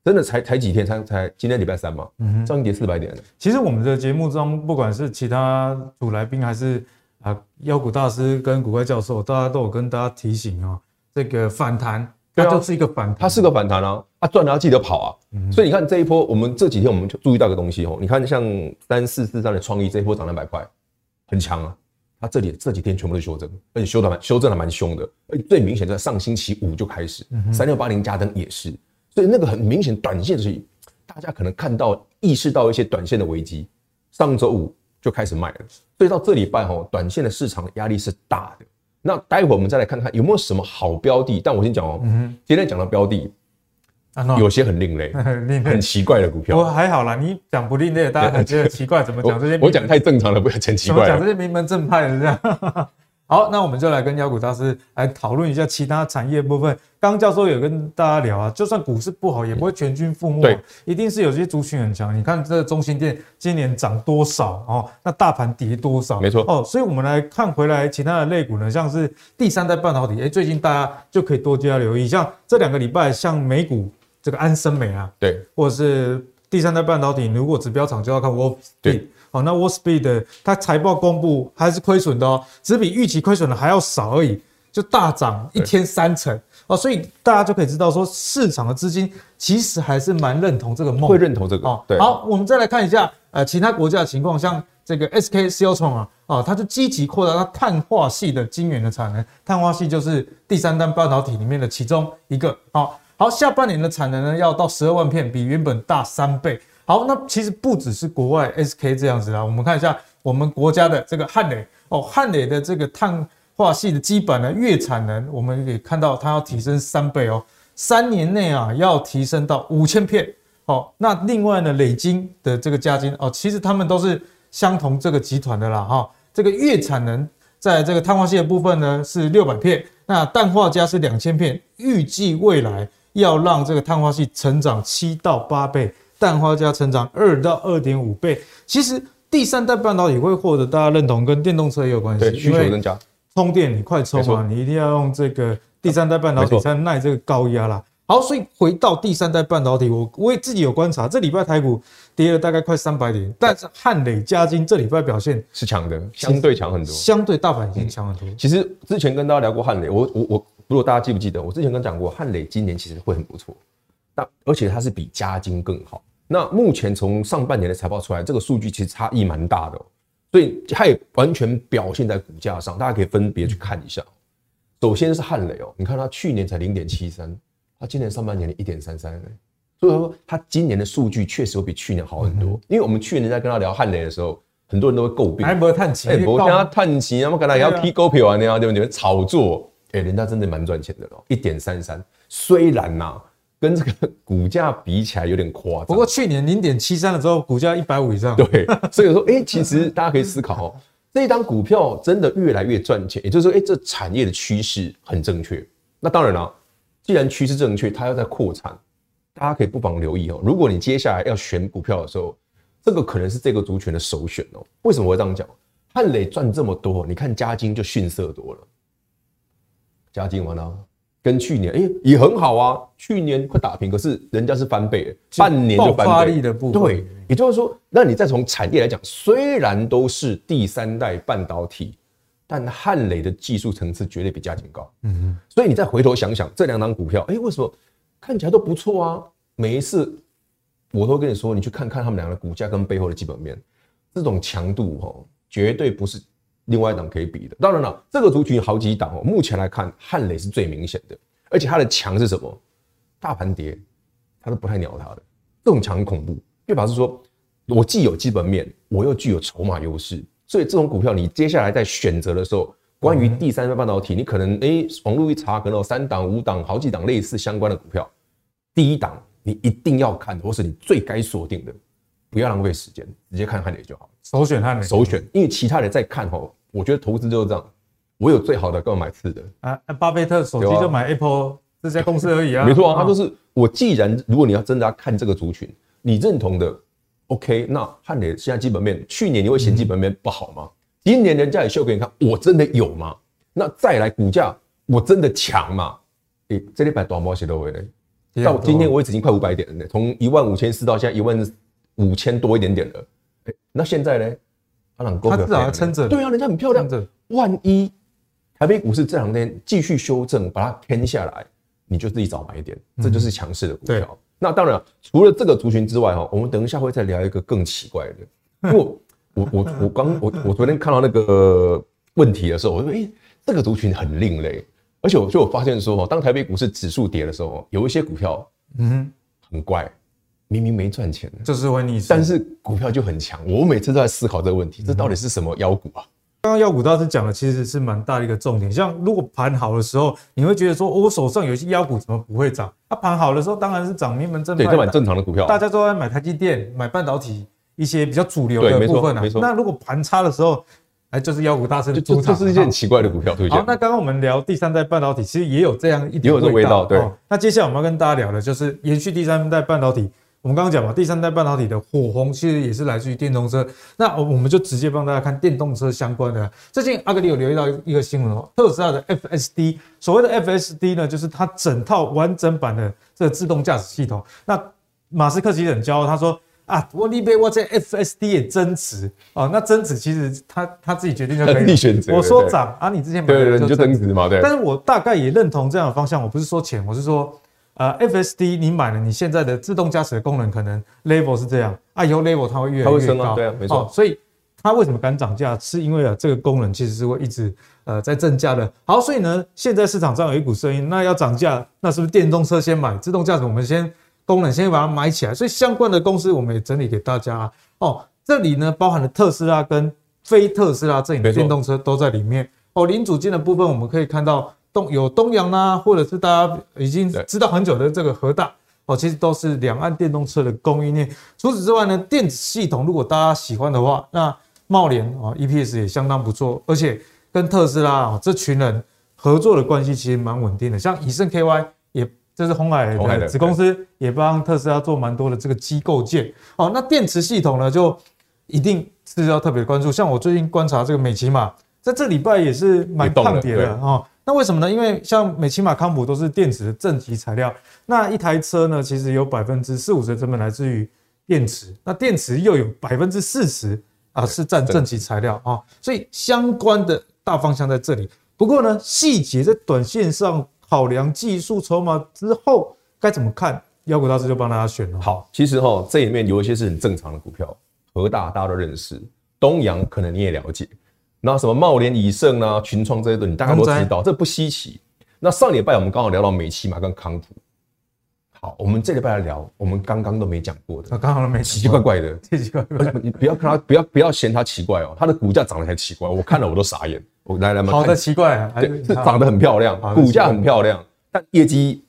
Speaker 3: 真的才才幾天，才才今天禮拜三嘛，漲、嗯哼、一跌四百點。其實我們的節目中，不管是其他主來賓，還是啊妖股大師跟股怪教授，
Speaker 1: 大家都有跟大家提醒哦，這個反彈。
Speaker 3: 那、啊、就是一個反彈、啊，它是個反彈啊！啊它賺了要記得跑啊、嗯！所以你看這一波，我們這幾天我們就注意到個東西哦，你看像三四四三的創意，這一波漲了一百塊，很強啊！它、啊、這裡這幾天全部都修正，而且修正修正還蠻兇的，而且最明顯在上星期五就開始，三六八零加燈也是，所以那個很明顯短線是大家可能看到意識到一些短線的危機，上周五就開始賣了，所以到這禮拜哦，短線的市場壓力是大的。那待會兒我們再來看看有沒有什麼好標的。但我先講哦、喔嗯，今天講的標的、嗯、
Speaker 1: 有些
Speaker 3: 很另類， 另類、很奇怪的股票。我還好啦，你講不另類，大家很覺得奇怪， 怎麼講這些？我講太正常了，不要整奇怪了。怎麼
Speaker 1: 講這些名門正派的這樣？ 好，那我們就來跟妖股大師來討論一下其他產業部分。剛剛教授有跟大家聊啊，就算股市不好，也不會全軍覆沒、嗯，對，一定是有些族群很強。你看這個中興電今年漲多少哦？那大盤跌多少？沒錯哦，所以我們來看回來其他的類股呢，像是第三代半導體，欸、最近大家就可以多加留意，像這兩個禮拜，像美股這個安森美啊，對，或者是第三代半導體，如果指標漲就要看 Wolfspeed 對。好，那 w a s p b y 的它財報公布還是虧損的哦，只比預期虧損的還要少而已，就大漲一天三成，所以大家就可以知道說市場的資金其實還是蠻認同這個夢，會認
Speaker 3: 同這個哦。對，好，
Speaker 1: 我們再來看一下呃其他國家的情況，像這個 SK 海力通啊，啊、哦，它就積極擴大它碳化系的晶圓的產能，碳化系就是第三單半導體裡面的其中一個。好、哦、好，下半年的產能呢要到十二萬片，比原本大三倍。好，那其實不只是國外 SK 這樣子啦，我們看一下我們國家的這個漢磊哦，漢磊的這個碳化矽的基板呢月產能，我們可以看到它要提升三倍哦，三年內啊要提升到五千片。好、哦，那另外呢，磊晶的這個嘉晶哦，其實他們都是相同這個集團的啦哈、哦。這個月產能在這個碳化矽的部分呢是六百片，那氮化鎵是兩千片，預計未來要讓這個碳化矽成長七到八倍。氮化鎵成長二到二點五倍，其實第三代半導體會獲得大家認同，跟電動車也有關係，對，需求增加，充電你快充嘛，你一定要用這個第三代半導體才能耐、啊、這個高壓啦。好，所以回到第三代半導體，我我也自己有觀察，這禮拜台股跌了大概快三百點，
Speaker 3: 但是漢磊嘉晶這禮拜表現是強的，相對強很多，相對大盤已經強很多、嗯。其實之前跟大家聊過漢磊，我我我，不知道大家記不記得，我之前跟講過漢磊今年其實會很不錯，但而且它是比嘉晶更好。那目前從上半年的財報出來，這個數據其實差異蠻大的、喔，所以它也完全表現在股價上，大家可以分別去看一下。首先是漢磊哦、喔，你看它去年才零點七三，它今年上半年一點三三，所以他說它今年的數據確實會比去年好很多、嗯。因為我們去年在跟他聊漢磊的時候，很多人都會詬病，還不欸啊、要我他探不要跟他探錢，我跟他也要批狗皮玩的樣，對不對？炒作，誒、欸、人家真的蠻賺錢的咯、喔，一點三三，雖然吶、啊。跟這個股價比起來有點誇張，不過去年零點七三的時候股價一百五以上， 對，所以說，誒、欸、其實大家可以思考哦，這一檔股票真的越來越賺錢，也就是說，誒、欸、這產業的趨勢很正確。那當然了、啊，既然趨勢正確，它要在擴產，大家可以不妨留意哦。如果你接下來要選股票的時候，這個可能是這個族群的首選哦。為什麼會這樣講？漢磊賺這麼多，你看嘉晶就遜色多了。嘉晶完了。跟去年哎、欸、也很好啊，去年快打平，可是人家是翻倍的，半年就翻倍。爆發力的部分對，也就是說，那你再從產業來講，雖然都是第三代半導體，但漢磊的技術層次絕對比嘉晶高。嗯嗯，所以你再回頭想想這兩檔股票，哎、欸，為什麼看起來都不錯啊？每一次我都跟你說，你去看看他們兩個的股價跟背後的基本面，這種強度哈、喔，絕對不是。另外一檔可以比的，當然了，這個族群好幾檔哦。目前來看，漢磊是最明顯的，而且它的強是什麼？大盤跌，它是不太鳥它的，這種強很恐怖。就表示說，我既有基本面，我又具有籌碼優勢，所以這種股票你接下來在選擇的時候，關於第三代半導體，你可能哎，網路一查，可能有三檔、五檔、好幾檔類似相關的股票。第一檔你一定要看，或是你最該鎖定的，不要浪費時間，直接看漢磊就好。首選漢磊，首選，因為其他人在看哦。我覺得投資就是這樣，我有最好的，跟我買次的啊。巴菲特手機就買
Speaker 1: Apple 這家公司而已啊。沒錯啊，他就是
Speaker 3: 我。既然如果你要真的要看這個族群，你認同的，OK，那漢磊現在基本面，去年你會嫌基本面不好嗎？今年人家也秀給你看，我真的有嗎？那再來股價，我真的強嗎？你這裡把短毛寫到位嘞，到今天我已經快五百點了呢，從一萬五千四到現在一萬五千多一點點了、欸。那現在呢？他讓高，他要撐着，對啊，人家很漂亮。撐着，萬一台北股市這兩天繼續修正，把它偏下來，你就自己早買一點，這就是強勢的股票。那當然，除了這個族群之外，哈，我們等一下會再聊一個更奇怪的。因為我我我剛我我昨天看到那個問題的時候，我就說，哎，這個族群很另類，而且我就發現說，哦，當台北股市指數跌的時候，有一些股票，嗯，很怪。明明沒賺錢就是會逆勢。但是股票就很強，我每次都在思考這個問題：嗯、這到底是什麼妖股啊？剛剛妖股大師講的其實是蠻大的一個
Speaker 1: 重點。像如果盤好的時候，你會覺得說，哦、我手上有一些妖股怎麼不會漲？它、啊、盤好的時候，當然是漲名門正派，對，這蠻正常的股票，啊。大家都在買台積電、買半導體一些比較主流的部分，啊沒啊、沒那如果盤差的時候，哎、就是妖股大師的主場，啊，這，就是一件很奇
Speaker 3: 怪的股票。好，那剛
Speaker 1: 剛我們聊第三代半導體，其實也有這樣一點味道。有有這種味道，對、哦，那接下來我們要跟大家聊的，就是延續第三代半導體。我們剛剛講嘛，第三代半導體的火紅其實也是來自於電動車。那我們就直接幫大家看電動車相關的。最近阿格力有留意到一個新聞哦、喔，特斯拉的 FSD，所謂的 FSD 呢，就是它整套完整版的這個自動駕駛系統。那馬斯克其實很驕傲，他說啊，我那邊我在 FSD 也增值啊，那增值其實他他自己決定就可以你選擇。我說漲啊，你之前沒有對你就增值嘛對。但是我大概也認同這樣的方向，我不是說錢，我是說。呃，FSD 你買了，你現在的自動駕駛的功能可能 level 是這樣啊，以後、嗯、level 它會越來越高，啊、對、啊沒錯哦、所以它為什麼敢漲價？是因為啊，這個功能其實是會一直呃在增加的。好，所以呢，現在市場上有一股聲音，那要漲價，那是不是電動車先買？自動駕駛我們先，功能先把它買起來。所以相關的公司我們也整理給大家啊。哦，這裡呢包含了特斯拉跟非特斯拉這裡的電動車都在裡面。哦，零組件的部分我們可以看到，有東洋啊，或者是大家已經知道很久的這個和大哦，其實都是兩岸電動車的供應鏈。除此之外呢，電子系統如果大家喜歡的話，那貿聯啊、哦、，EPS 也相當不錯，而且跟特斯拉啊、哦、這群人合作的關係其實蠻穩定的。像乙盛 KY 也這、就是鴻海，海子公司，也幫特斯拉做蠻多的這個機構件哦。那電池系統呢，就一定是要特別關注。像我最近觀察這個美琪瑪，在這禮拜也是蠻胖點的啊。那為什麼呢？因為像美琪瑪、康普都是電池的正極材料。那一台車呢，其實有百分之四五十的成本來自於電池。那電池又有百分之四十啊，是佔正極材料啊、哦。所以相關的大方向在這裡。不過呢，細節在短線上考量技術籌碼之後該怎麼
Speaker 3: 看，妖股大師就幫大家選了。好，其實哈，這裡面有一些是很正常的股票，和大大家都認識，東洋可能你也了解。那什麼貿聯、乙盛啊、群創這些的，你大概都知道，這不稀奇。那上禮拜我們剛好聊到美琪瑪嘛，跟康普。好，我們這禮拜來聊，我們剛剛都沒講過的，剛好沒奇奇怪怪的，奇怪怪的。你不要看它，不要不要嫌它奇怪哦，它的股價漲得才奇怪，我看了我都傻眼。我來來嘛，好的奇怪啊，對，漲得很漂亮，股價很漂亮，但業績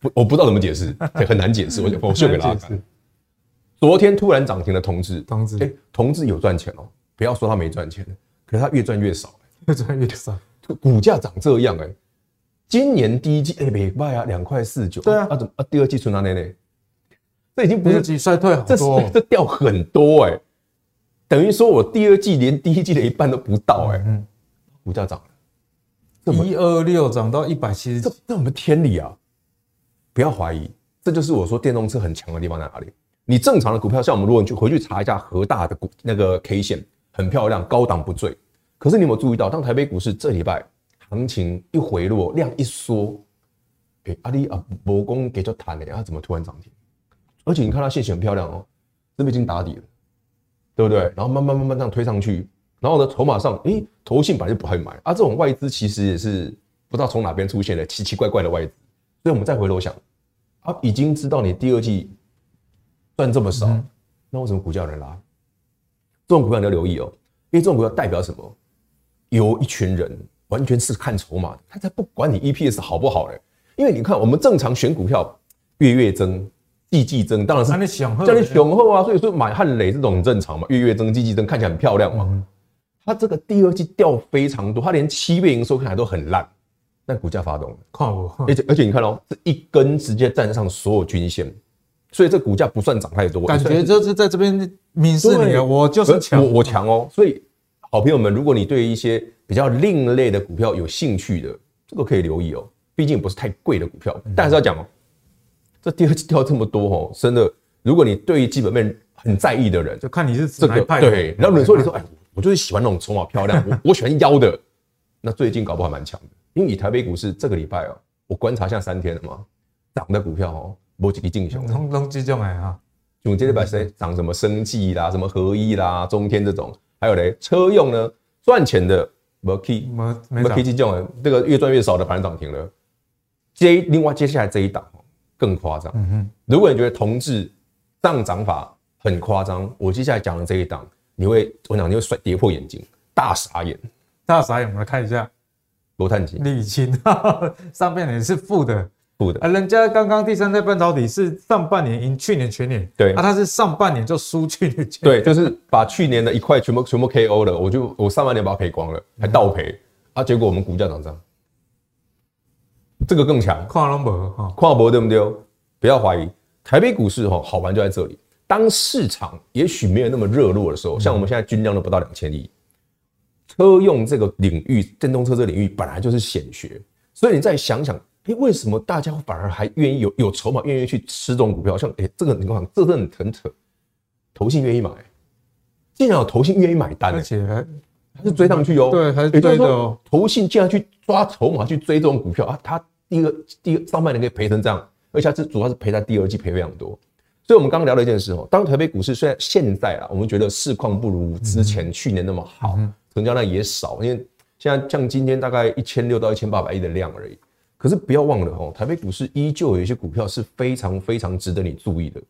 Speaker 3: 不，我不知道怎麼解釋，很難解釋。我釋我順口解釋。昨天突然漲停的同致、同致、欸、同致有賺錢哦，不要說他沒賺錢。可是它越賺越少，欸，越賺越少，股價漲這樣哎，欸，今年第一季哎，欸，沒賣啊，兩塊四九，對啊，啊怎麼啊？第二季存哪呢？這已經不是第二衰退了，哦，這是這掉很多哎，欸，等於說我第二季連第一季的一半都不到哎，欸，嗯，嗯，股價漲了一二六漲到一百七，這這我們天理啊？不要懷疑，這就是我說電動車很強的地方在哪裡？你正常的股票像我們，如果你去回去查一下和大的股那個 K 線。很漂亮，高檔不墜。可是你有沒有注意到，當台北股市這禮拜行情一回落，量一縮，哎、欸，阿、啊、里啊，伯公給他彈了，它、啊、怎麼突然漲停？而且你看它線型很漂亮哦、喔，這邊已經打底了，對不對？然後慢慢慢慢這樣推上去，然後呢，籌碼上，哎、欸，投信本來就不會買啊，這種外資其實也是不知道從哪邊出現的奇奇怪怪的外資。所以我們再回頭想，啊，已經知道你第二季賺這麼少，嗯、那為什麼股價能拉？這種股票你要留意哦、喔，因為這種股票代表什麼？有一群人完全是看籌碼，他才不管你 EPS 好不好嘞、欸。因為你看我們正常選股票，月月增、季季增，當然是叫你雄厚啊。所以說買漢磊這種很正常嘛，月月增、季季增看起來很漂亮嘛、嗯。它這個第二季掉非常多，它連七倍營收看起來都很爛，但股價發動了。靠！而且而且你看哦、喔，這一根直接站上所有均線。所以這股價不算漲太多、欸，感覺就
Speaker 1: 是在這邊明勢你。我就是強，我
Speaker 3: 強哦、喔。所以好朋友們，如果你對一些比較另類的股票有興趣的，這個可以留意哦、喔。畢竟不是太貴的股票，但是要講哦、喔，這跌掉，掉這麼多哦、喔，真的。如果你對基本面很在意的人，就看你是這個派對。然後人說你說，你說，哎，我就是喜歡那種籌碼漂亮，我 我喜歡妖的。那最近搞不好蠻強的，因為台北股市這個禮拜哦、喔，我觀察下三天了嘛，漲的股票哦、喔。不是基金型，同同之中誒啊，總結的把誰漲什麼生技啦、什麼合一啦、中天這種，還有嘞車用呢，賺錢的不 key，不 key 基金型，這個越賺越少的反而漲停了。接另外接下來這一檔更誇張。嗯哼，如果你覺得同致上漲法很誇張，我接下來講的這一檔，你會我跟講你會摔跌破眼鏡，大傻眼，大傻眼，我們來看一下，
Speaker 1: 漢磊、嘉晶，上面也是負的。啊，人家剛剛第三代半導體是上半年贏去年全年，對，啊，他是上半年就輸去年全年，對，就是
Speaker 3: 把去年的一塊全部全部 KO 了，我就我上半年把它賠光了，還倒賠，嗯，啊，結果我們股價漲漲，這個更強，跨 number 哈，跨、哦、博，對不對哦？不要懷疑，台北股市哈好玩就在這裡，當市場也許沒有那麼熱絡的時候，嗯，像我們現在均量都不到兩千億，車用這個領域，電動車這個領域本來就是顯學，所以你再想想。誒、欸、為什麼大家反而還願意有有籌碼，願意去吃這種股票？像誒、欸、這個你看，這都、個、很扯。投信願意買，竟然有投信願意買單，而且還是追上去哦。對，還是追的哦。欸、投信竟然去抓籌碼去追這種股票啊！他第二第二上半年可以賠成這樣，而且是主要是賠他第二季賠非常多。所以，我們剛剛聊了一件事哦。當台北股市雖然現在啊，我們覺得市況不如之前，嗯、去年那麼好，成交量也少，因為現在像今天大概一千六到一千八百億的量而已。可是不要忘了哦，台北股市依舊有一些股票是非常非常值得你注意的。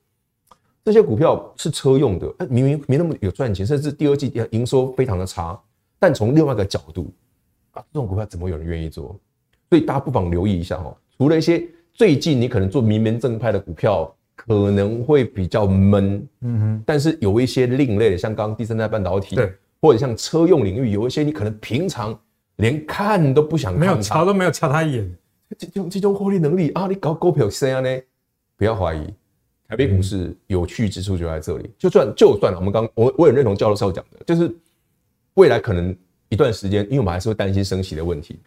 Speaker 3: 這些股票是車用的，明明沒那麼有賺錢，甚至第二季營收非常的差。但從另外一個角度啊，這種股票怎麼有人願意做？所以大家不妨留意一下哦。除了一些最近你可能做名門正派的股票可能會比較悶，嗯哼，但是有一些另類的，像剛剛第三代半導體，對，或者像車用領域，有一些你可能平常連看都不想看，沒有瞧都沒有瞧他一眼。集中集中獲利能力啊！你搞股票怎樣呢？不要懷疑，台北股市有趣之處就在這裡。就算就算我們剛我我也認同教授講的，就是未來可能一段時間，因為我們還是會擔心升息的問題，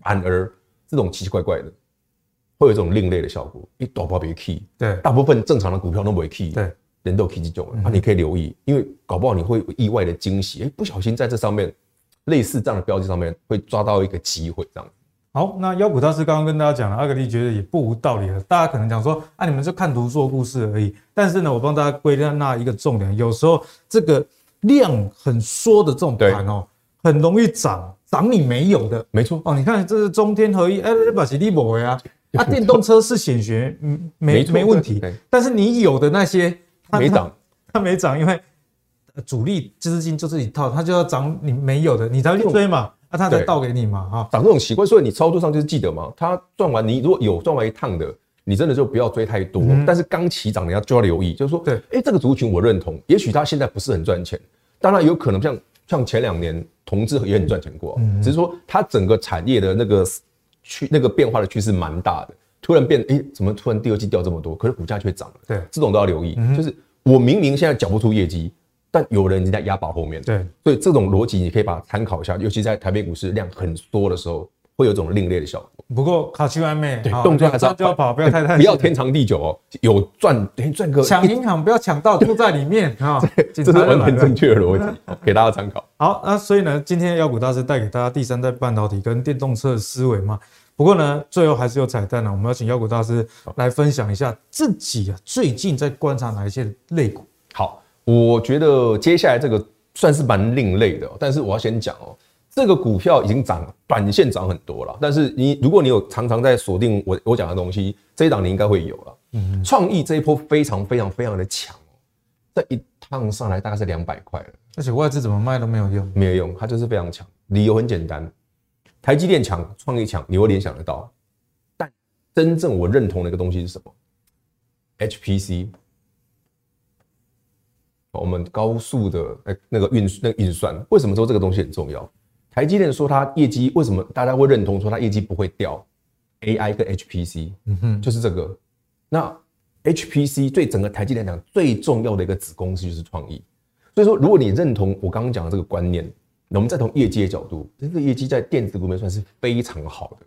Speaker 3: 反而這種奇奇怪怪的，會有這種另類的效果。你搞不好別 key，對，大部分正常的股票都不會 key，對，人都 key 這種了、嗯、啊，你可以留意，因為搞不好你會有意外的驚喜、欸。不小心在這上面類似這樣的標記上面會抓到一個機會，這樣。
Speaker 1: 好，那妖股大師剛剛跟大家講了，阿格力覺得也不無道理了。大家可能講說，啊，你們就看圖說故事而已。但是呢，我幫大家歸納那一個重點，有時候這個量很縮的這種盤哦，很容易漲，漲你沒有的。沒錯哦，你看這是中天合一，哎，這把吉利駁回啊。電動車是顯學， 沒沒，沒問題。但是你有的那些它沒漲，它沒漲，因為主力資金就這一套，它就要漲你沒有的，你才去追嘛。那、啊、他能倒給你嗎？
Speaker 3: 啊，漲這種習慣，所以你操作上就是記得嘛。他賺完，你如果有賺完一趟的，你真的就不要追太多。嗯、但是剛起漲，你要就要留意，就是說，對，哎、欸，這個族群我認同，也許他現在不是很賺錢，當然有可能像像前兩年同致也很賺錢過、嗯，只是說它整個產業的那個趨那個變化的趨勢蠻大的，突然變，哎、欸，怎麼突然第二季掉這麼多？可是股價卻漲了，對，這種都要留意。嗯、就是我明明現在繳不出業績。但有人已經在押寶後面對。對，所以這種邏輯你可以把它參考一下，尤其在台北股市量很多的時候，會有一種另類的效果。
Speaker 1: 不過卡其外賣，動作還是要，就要，就要跑，不要太太、欸。不要天
Speaker 3: 長地久哦。有
Speaker 1: 賺，賺、欸、個搶銀行，不要搶到都在裡面啊。
Speaker 3: 這是完全正確的邏輯， 給大家參考。
Speaker 1: 好，那所以呢，今天妖股大師帶給大家第三代半導體跟電動車的思維嘛。不過呢，最後還是有彩蛋了、啊，我們要請妖股大師來分
Speaker 3: 享一下自己
Speaker 1: 啊最近在觀察哪一些
Speaker 3: 類股。好。我覺得接下來這個算是蠻另類的喔，但是我要先講哦，這個股票已經漲，短線漲很多了。但是你如果你有常常在鎖定我我講的東西，這一檔你應該會有啦。嗯。創意這一波非常非常非常的強哦，這一趟上來大概是兩百塊了。而且外資怎麼賣都沒有用，沒有用，它就是非常強。理由很簡單，台積電強，創意強，你會聯想得到。但真正我認同的一個東西是什麼？HPC。我們高速的誒，那個運那個運算，為什麼說這個東西很重要？台積電說它業績為什麼大家會認同說它業績不會掉？AI 跟 HPC，嗯哼，就是這個。那 HPC 對整個台積電來講最重要的一個子公司就是創意。所以說，如果你認同我剛剛講的這個觀念，那我們再從業績的角度，這個業績在電子股裡面算是非常好的。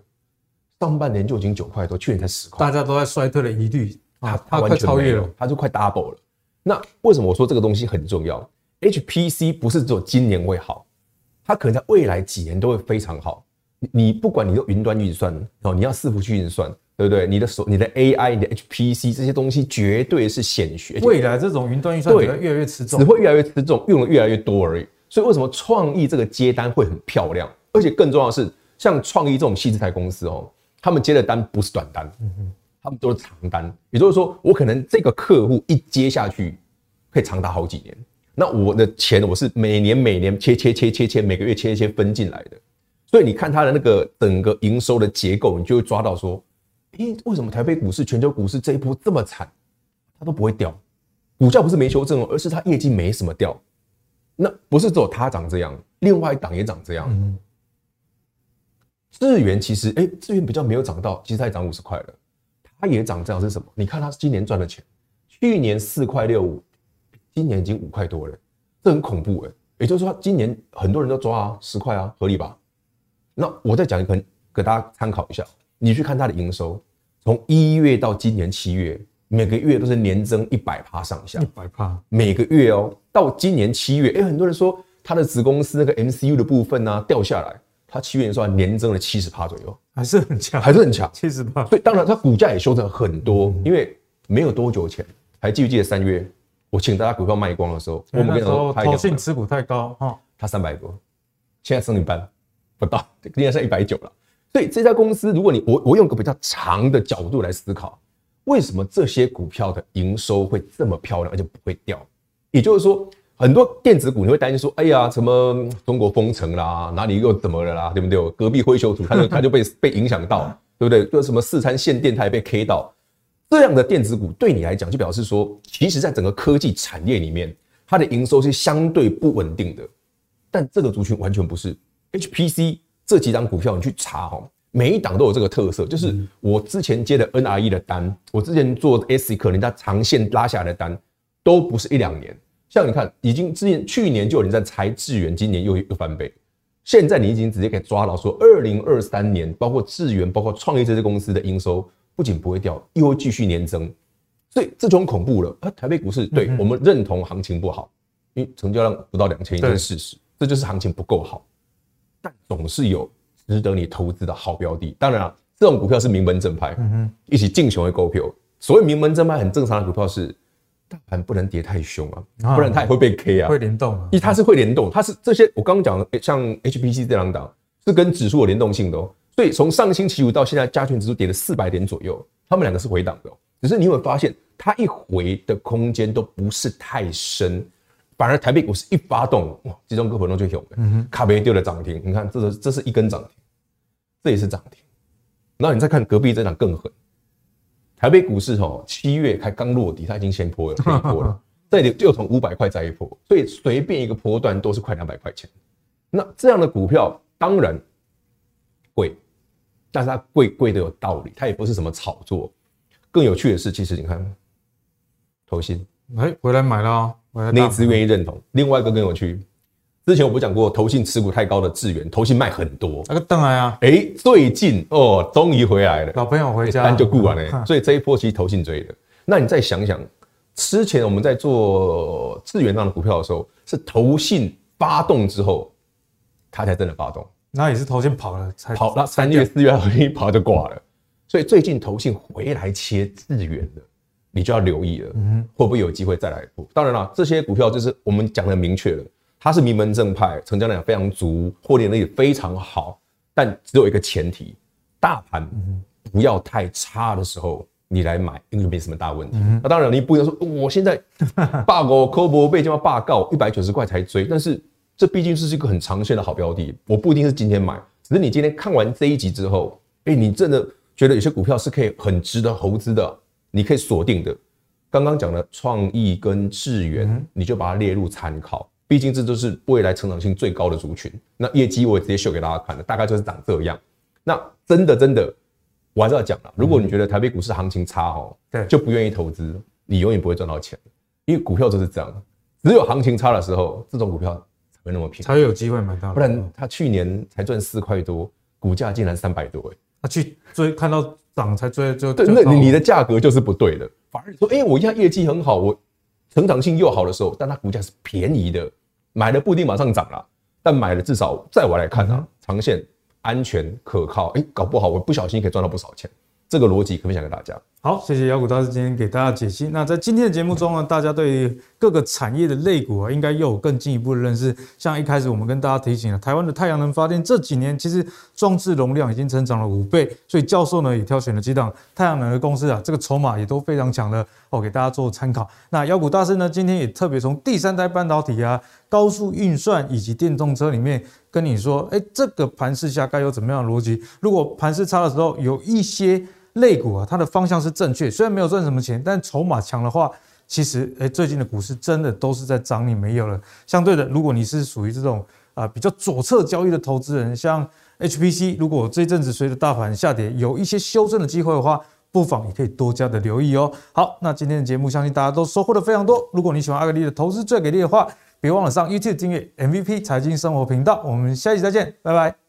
Speaker 3: 上半年就已經九塊多，去年才十塊，大家都在衰退的疑慮，啊，它快超越了，它就快 double 了。那為什麼我說這個東西很重要？HPC 不是只有今年會好，它可能在未來幾年都會非常好。你不管你用雲端運算哦，你要伺服去運算，對不對？你的手、你的 AI、你的 HPC 這些東西絕對是顯學。未來這種雲端運算只會越來
Speaker 1: 越吃重，只會
Speaker 3: 越來越吃重，用的越來越多而已。所以為什麼創意這個接單會很漂亮？而且更重要的是，像創意這種矽智財公司哦，他們接的單不是短單。嗯他們都是長單，也就是說，我可能這個客戶一接下去可以長達好幾年。那我的錢我是每年每年切切切切切，每個月切一些分進來的。所以你看他的那個整個營收的結構，你就會抓到說，誒，為什麼台北股市、全球股市這一波這麼慘，它都不會掉？股價不是沒修正，哦，而是它業績沒什麼掉。那不是只有它漲這樣，另外一檔也漲這樣。嗯。智原其實，哎、欸，智原比較沒有漲到，其實它也漲五十塊了。他也漲這樣是什麼？你看他今年賺的錢，去年四塊六五，今年已經五塊多了，這很恐怖誒、欸。也就是說，今年很多人都抓啊，十塊啊，合理吧？那我再講一個，給大家參考一下。你去看他的營收，從一月到今年七月，每個月都是年增一百趴上下，一百趴，每個月哦、喔。到今年七月，誒、欸，很多人說他的子公司那個 MCU 的部分呢、啊、掉下來。他七月的時候，他年增了七十趴左右，還是很強，還是很強，七十趴。所以當然他股價也修正很多嗯嗯，因為沒有多久前還記不記得三月我請大家股票賣光的時候，欸、我那時候投信持股太高，他三百多，現在剩一半不到，應該剩一百九了。所以這家公司，如果你我我用個比較長的角度來思考，為什麼這些股票的營收會這麼漂亮，而且不會掉？也就是說。很多電子股你會擔心說：“哎呀，什麼中國封城啦，哪裡又怎麼了啦，對不對？”隔壁灰熊股它就它就被被影響到，對不對？就什麼四川限電它也被 K 到，這樣的電子股對你來講就表示說，其實在整個科技產業裡面，它的營收是相對不穩定的。但這個族群完全不是 HPC 這幾檔股票，你去查哈，每一檔都有這個特色。就是我之前接的 NRE 的單，嗯、我之前做 SC，可能它長線拉下來的單都不是一兩年。像你看，已經之前去年就有人在猜智原今年又又翻倍。現在你已經直接可以抓牢，說二零二三年，包括智原，包括創意這些公司的營收，不僅不會掉，又會繼續年增。所以這種恐怖了啊！台北股市、嗯、對我們認同行情不好，因為成交量不到兩千億是事實，這就是行情不夠好。但總是有值得你投資的好標的。當然了，這種股票是名門正派，嗯、哼一起競雄的股票。所謂名門正派，很正常的股票是。大盤不能跌太凶啊，不然它也會被 K 啊，會聯動啊，因它是會聯動，它、啊、是這些我剛剛講的，像 HPC 這兩檔是跟指數有聯動性的哦。所以從上星期五到現在，加權指數跌了四百點左右，它們兩個是回檔的、哦，只是你有沒有發現，它一回的空間都不是太深，反而台北股市一發動，哇，集中個股中最紅的，嗯、哼卡梅丟的漲停，你看這是這是一根漲停，這也是漲停，然後你再看隔壁這檔更狠。台北股市吼、哦，七月才剛落地，它已經先破了，破了，再就從五百塊再一破，所以隨便一個波段都是快兩百塊錢。那這樣的股票當然貴，但是它貴貴的有道理，它也不是什麼炒作。更有趣的是，其實你看，投信
Speaker 1: 哎、欸、回來買了、喔，回來一只
Speaker 3: 願意認同。另外一個更有趣。之前我不講過，投信持股太高的智原，投信賣很多，那個當然啊，哎、欸，最近哦，終於回來了，老朋友回家，那就固完了、嗯嗯，所以這一波其實投信追的。那你再想想，之前我們在做智原那的股票的時候，是投信發動之後，它才真的發動，
Speaker 1: 那也是投信跑了才跑，
Speaker 3: 才那三月四月很容易一跑就掛了，所以最近投信回來切智原的，你就要留意了，嗯，會不會有機會再來一波？當然了，這些股票就是我們講的明確了。它是名門正派，成交量非常足，獲利能力非常好。但只有一個前提：大盤不要太差的時候，你來買，應該就沒什麼大問題。嗯、那當然，你不一定說我現在罷股、摳博被這樣罷告，一百九十塊才追。但是這畢竟是一個很長線的好標的，我不一定是今天買，只是你今天看完這一集之後，哎、欸，你真的覺得有些股票是可以很值得投資的，你可以鎖定的。剛剛講的創意跟智原、嗯，你就把它列入參考。畢竟這都是未來成長性最高的族群，那業績我也直接秀給大家看了，大概就是長這樣。那真的真的，我還是要講了。如果你覺得台北股市行情差哦、嗯，對，就不願意投資，你永遠不會賺到錢。因為股票就是這樣，只有行情差的時候，這種股票才會那麼便宜，才有機會買到。不然他去年才賺四塊多，股價竟然三百多哎、欸！他、啊、去追看到
Speaker 1: 漲才追，追，對，那你
Speaker 3: 的價格就是不對的。反而說，哎、欸，我一下業績很好，我成長性又好的時候，但他股價是便宜的。買了不一定馬上漲了。但買了至少，在我來看啊，長線安全可靠。哎、欸，搞不好我不小心可以賺到不少錢。這個邏輯可不可以分享給大家？
Speaker 1: 好，謝謝妖股大師今天給大家解析。那在今天的節目中呢，大家對於各個產業的類股啊，應該又有更進一步的認識。像一開始我們跟大家提醒了，台灣的太陽能發電這幾年其實裝置容量已經成長了五倍，所以教授呢也挑選了幾檔太陽能的公司啊，這個籌碼也都非常強的。我、哦、給大家做參考。那妖股大師呢，今天也特別從第三代半導體啊、高速運算以及電動車裡面跟你說，誒，這個盤勢下該有怎麼樣的邏輯？如果盤勢差的時候，有一些。類股啊，它的方向是正確，雖然沒有賺什麼錢，但籌碼強的話，其實哎、欸，最近的股市真的都是在漲，你沒有了。相對的，如果你是屬於這種啊、呃、比較左側交易的投資人，像 HPC，如果這一陣子隨着大盤下跌，有一些修正的機會的話，不妨也可以多加的留意哦。好，那今天的節目，相信大家都收穫的非常多。如果你喜歡阿格力的投資最給力的話，別忘了上 YouTube 訂閱 MVP 財經生活頻道。我們下一期再見，拜拜。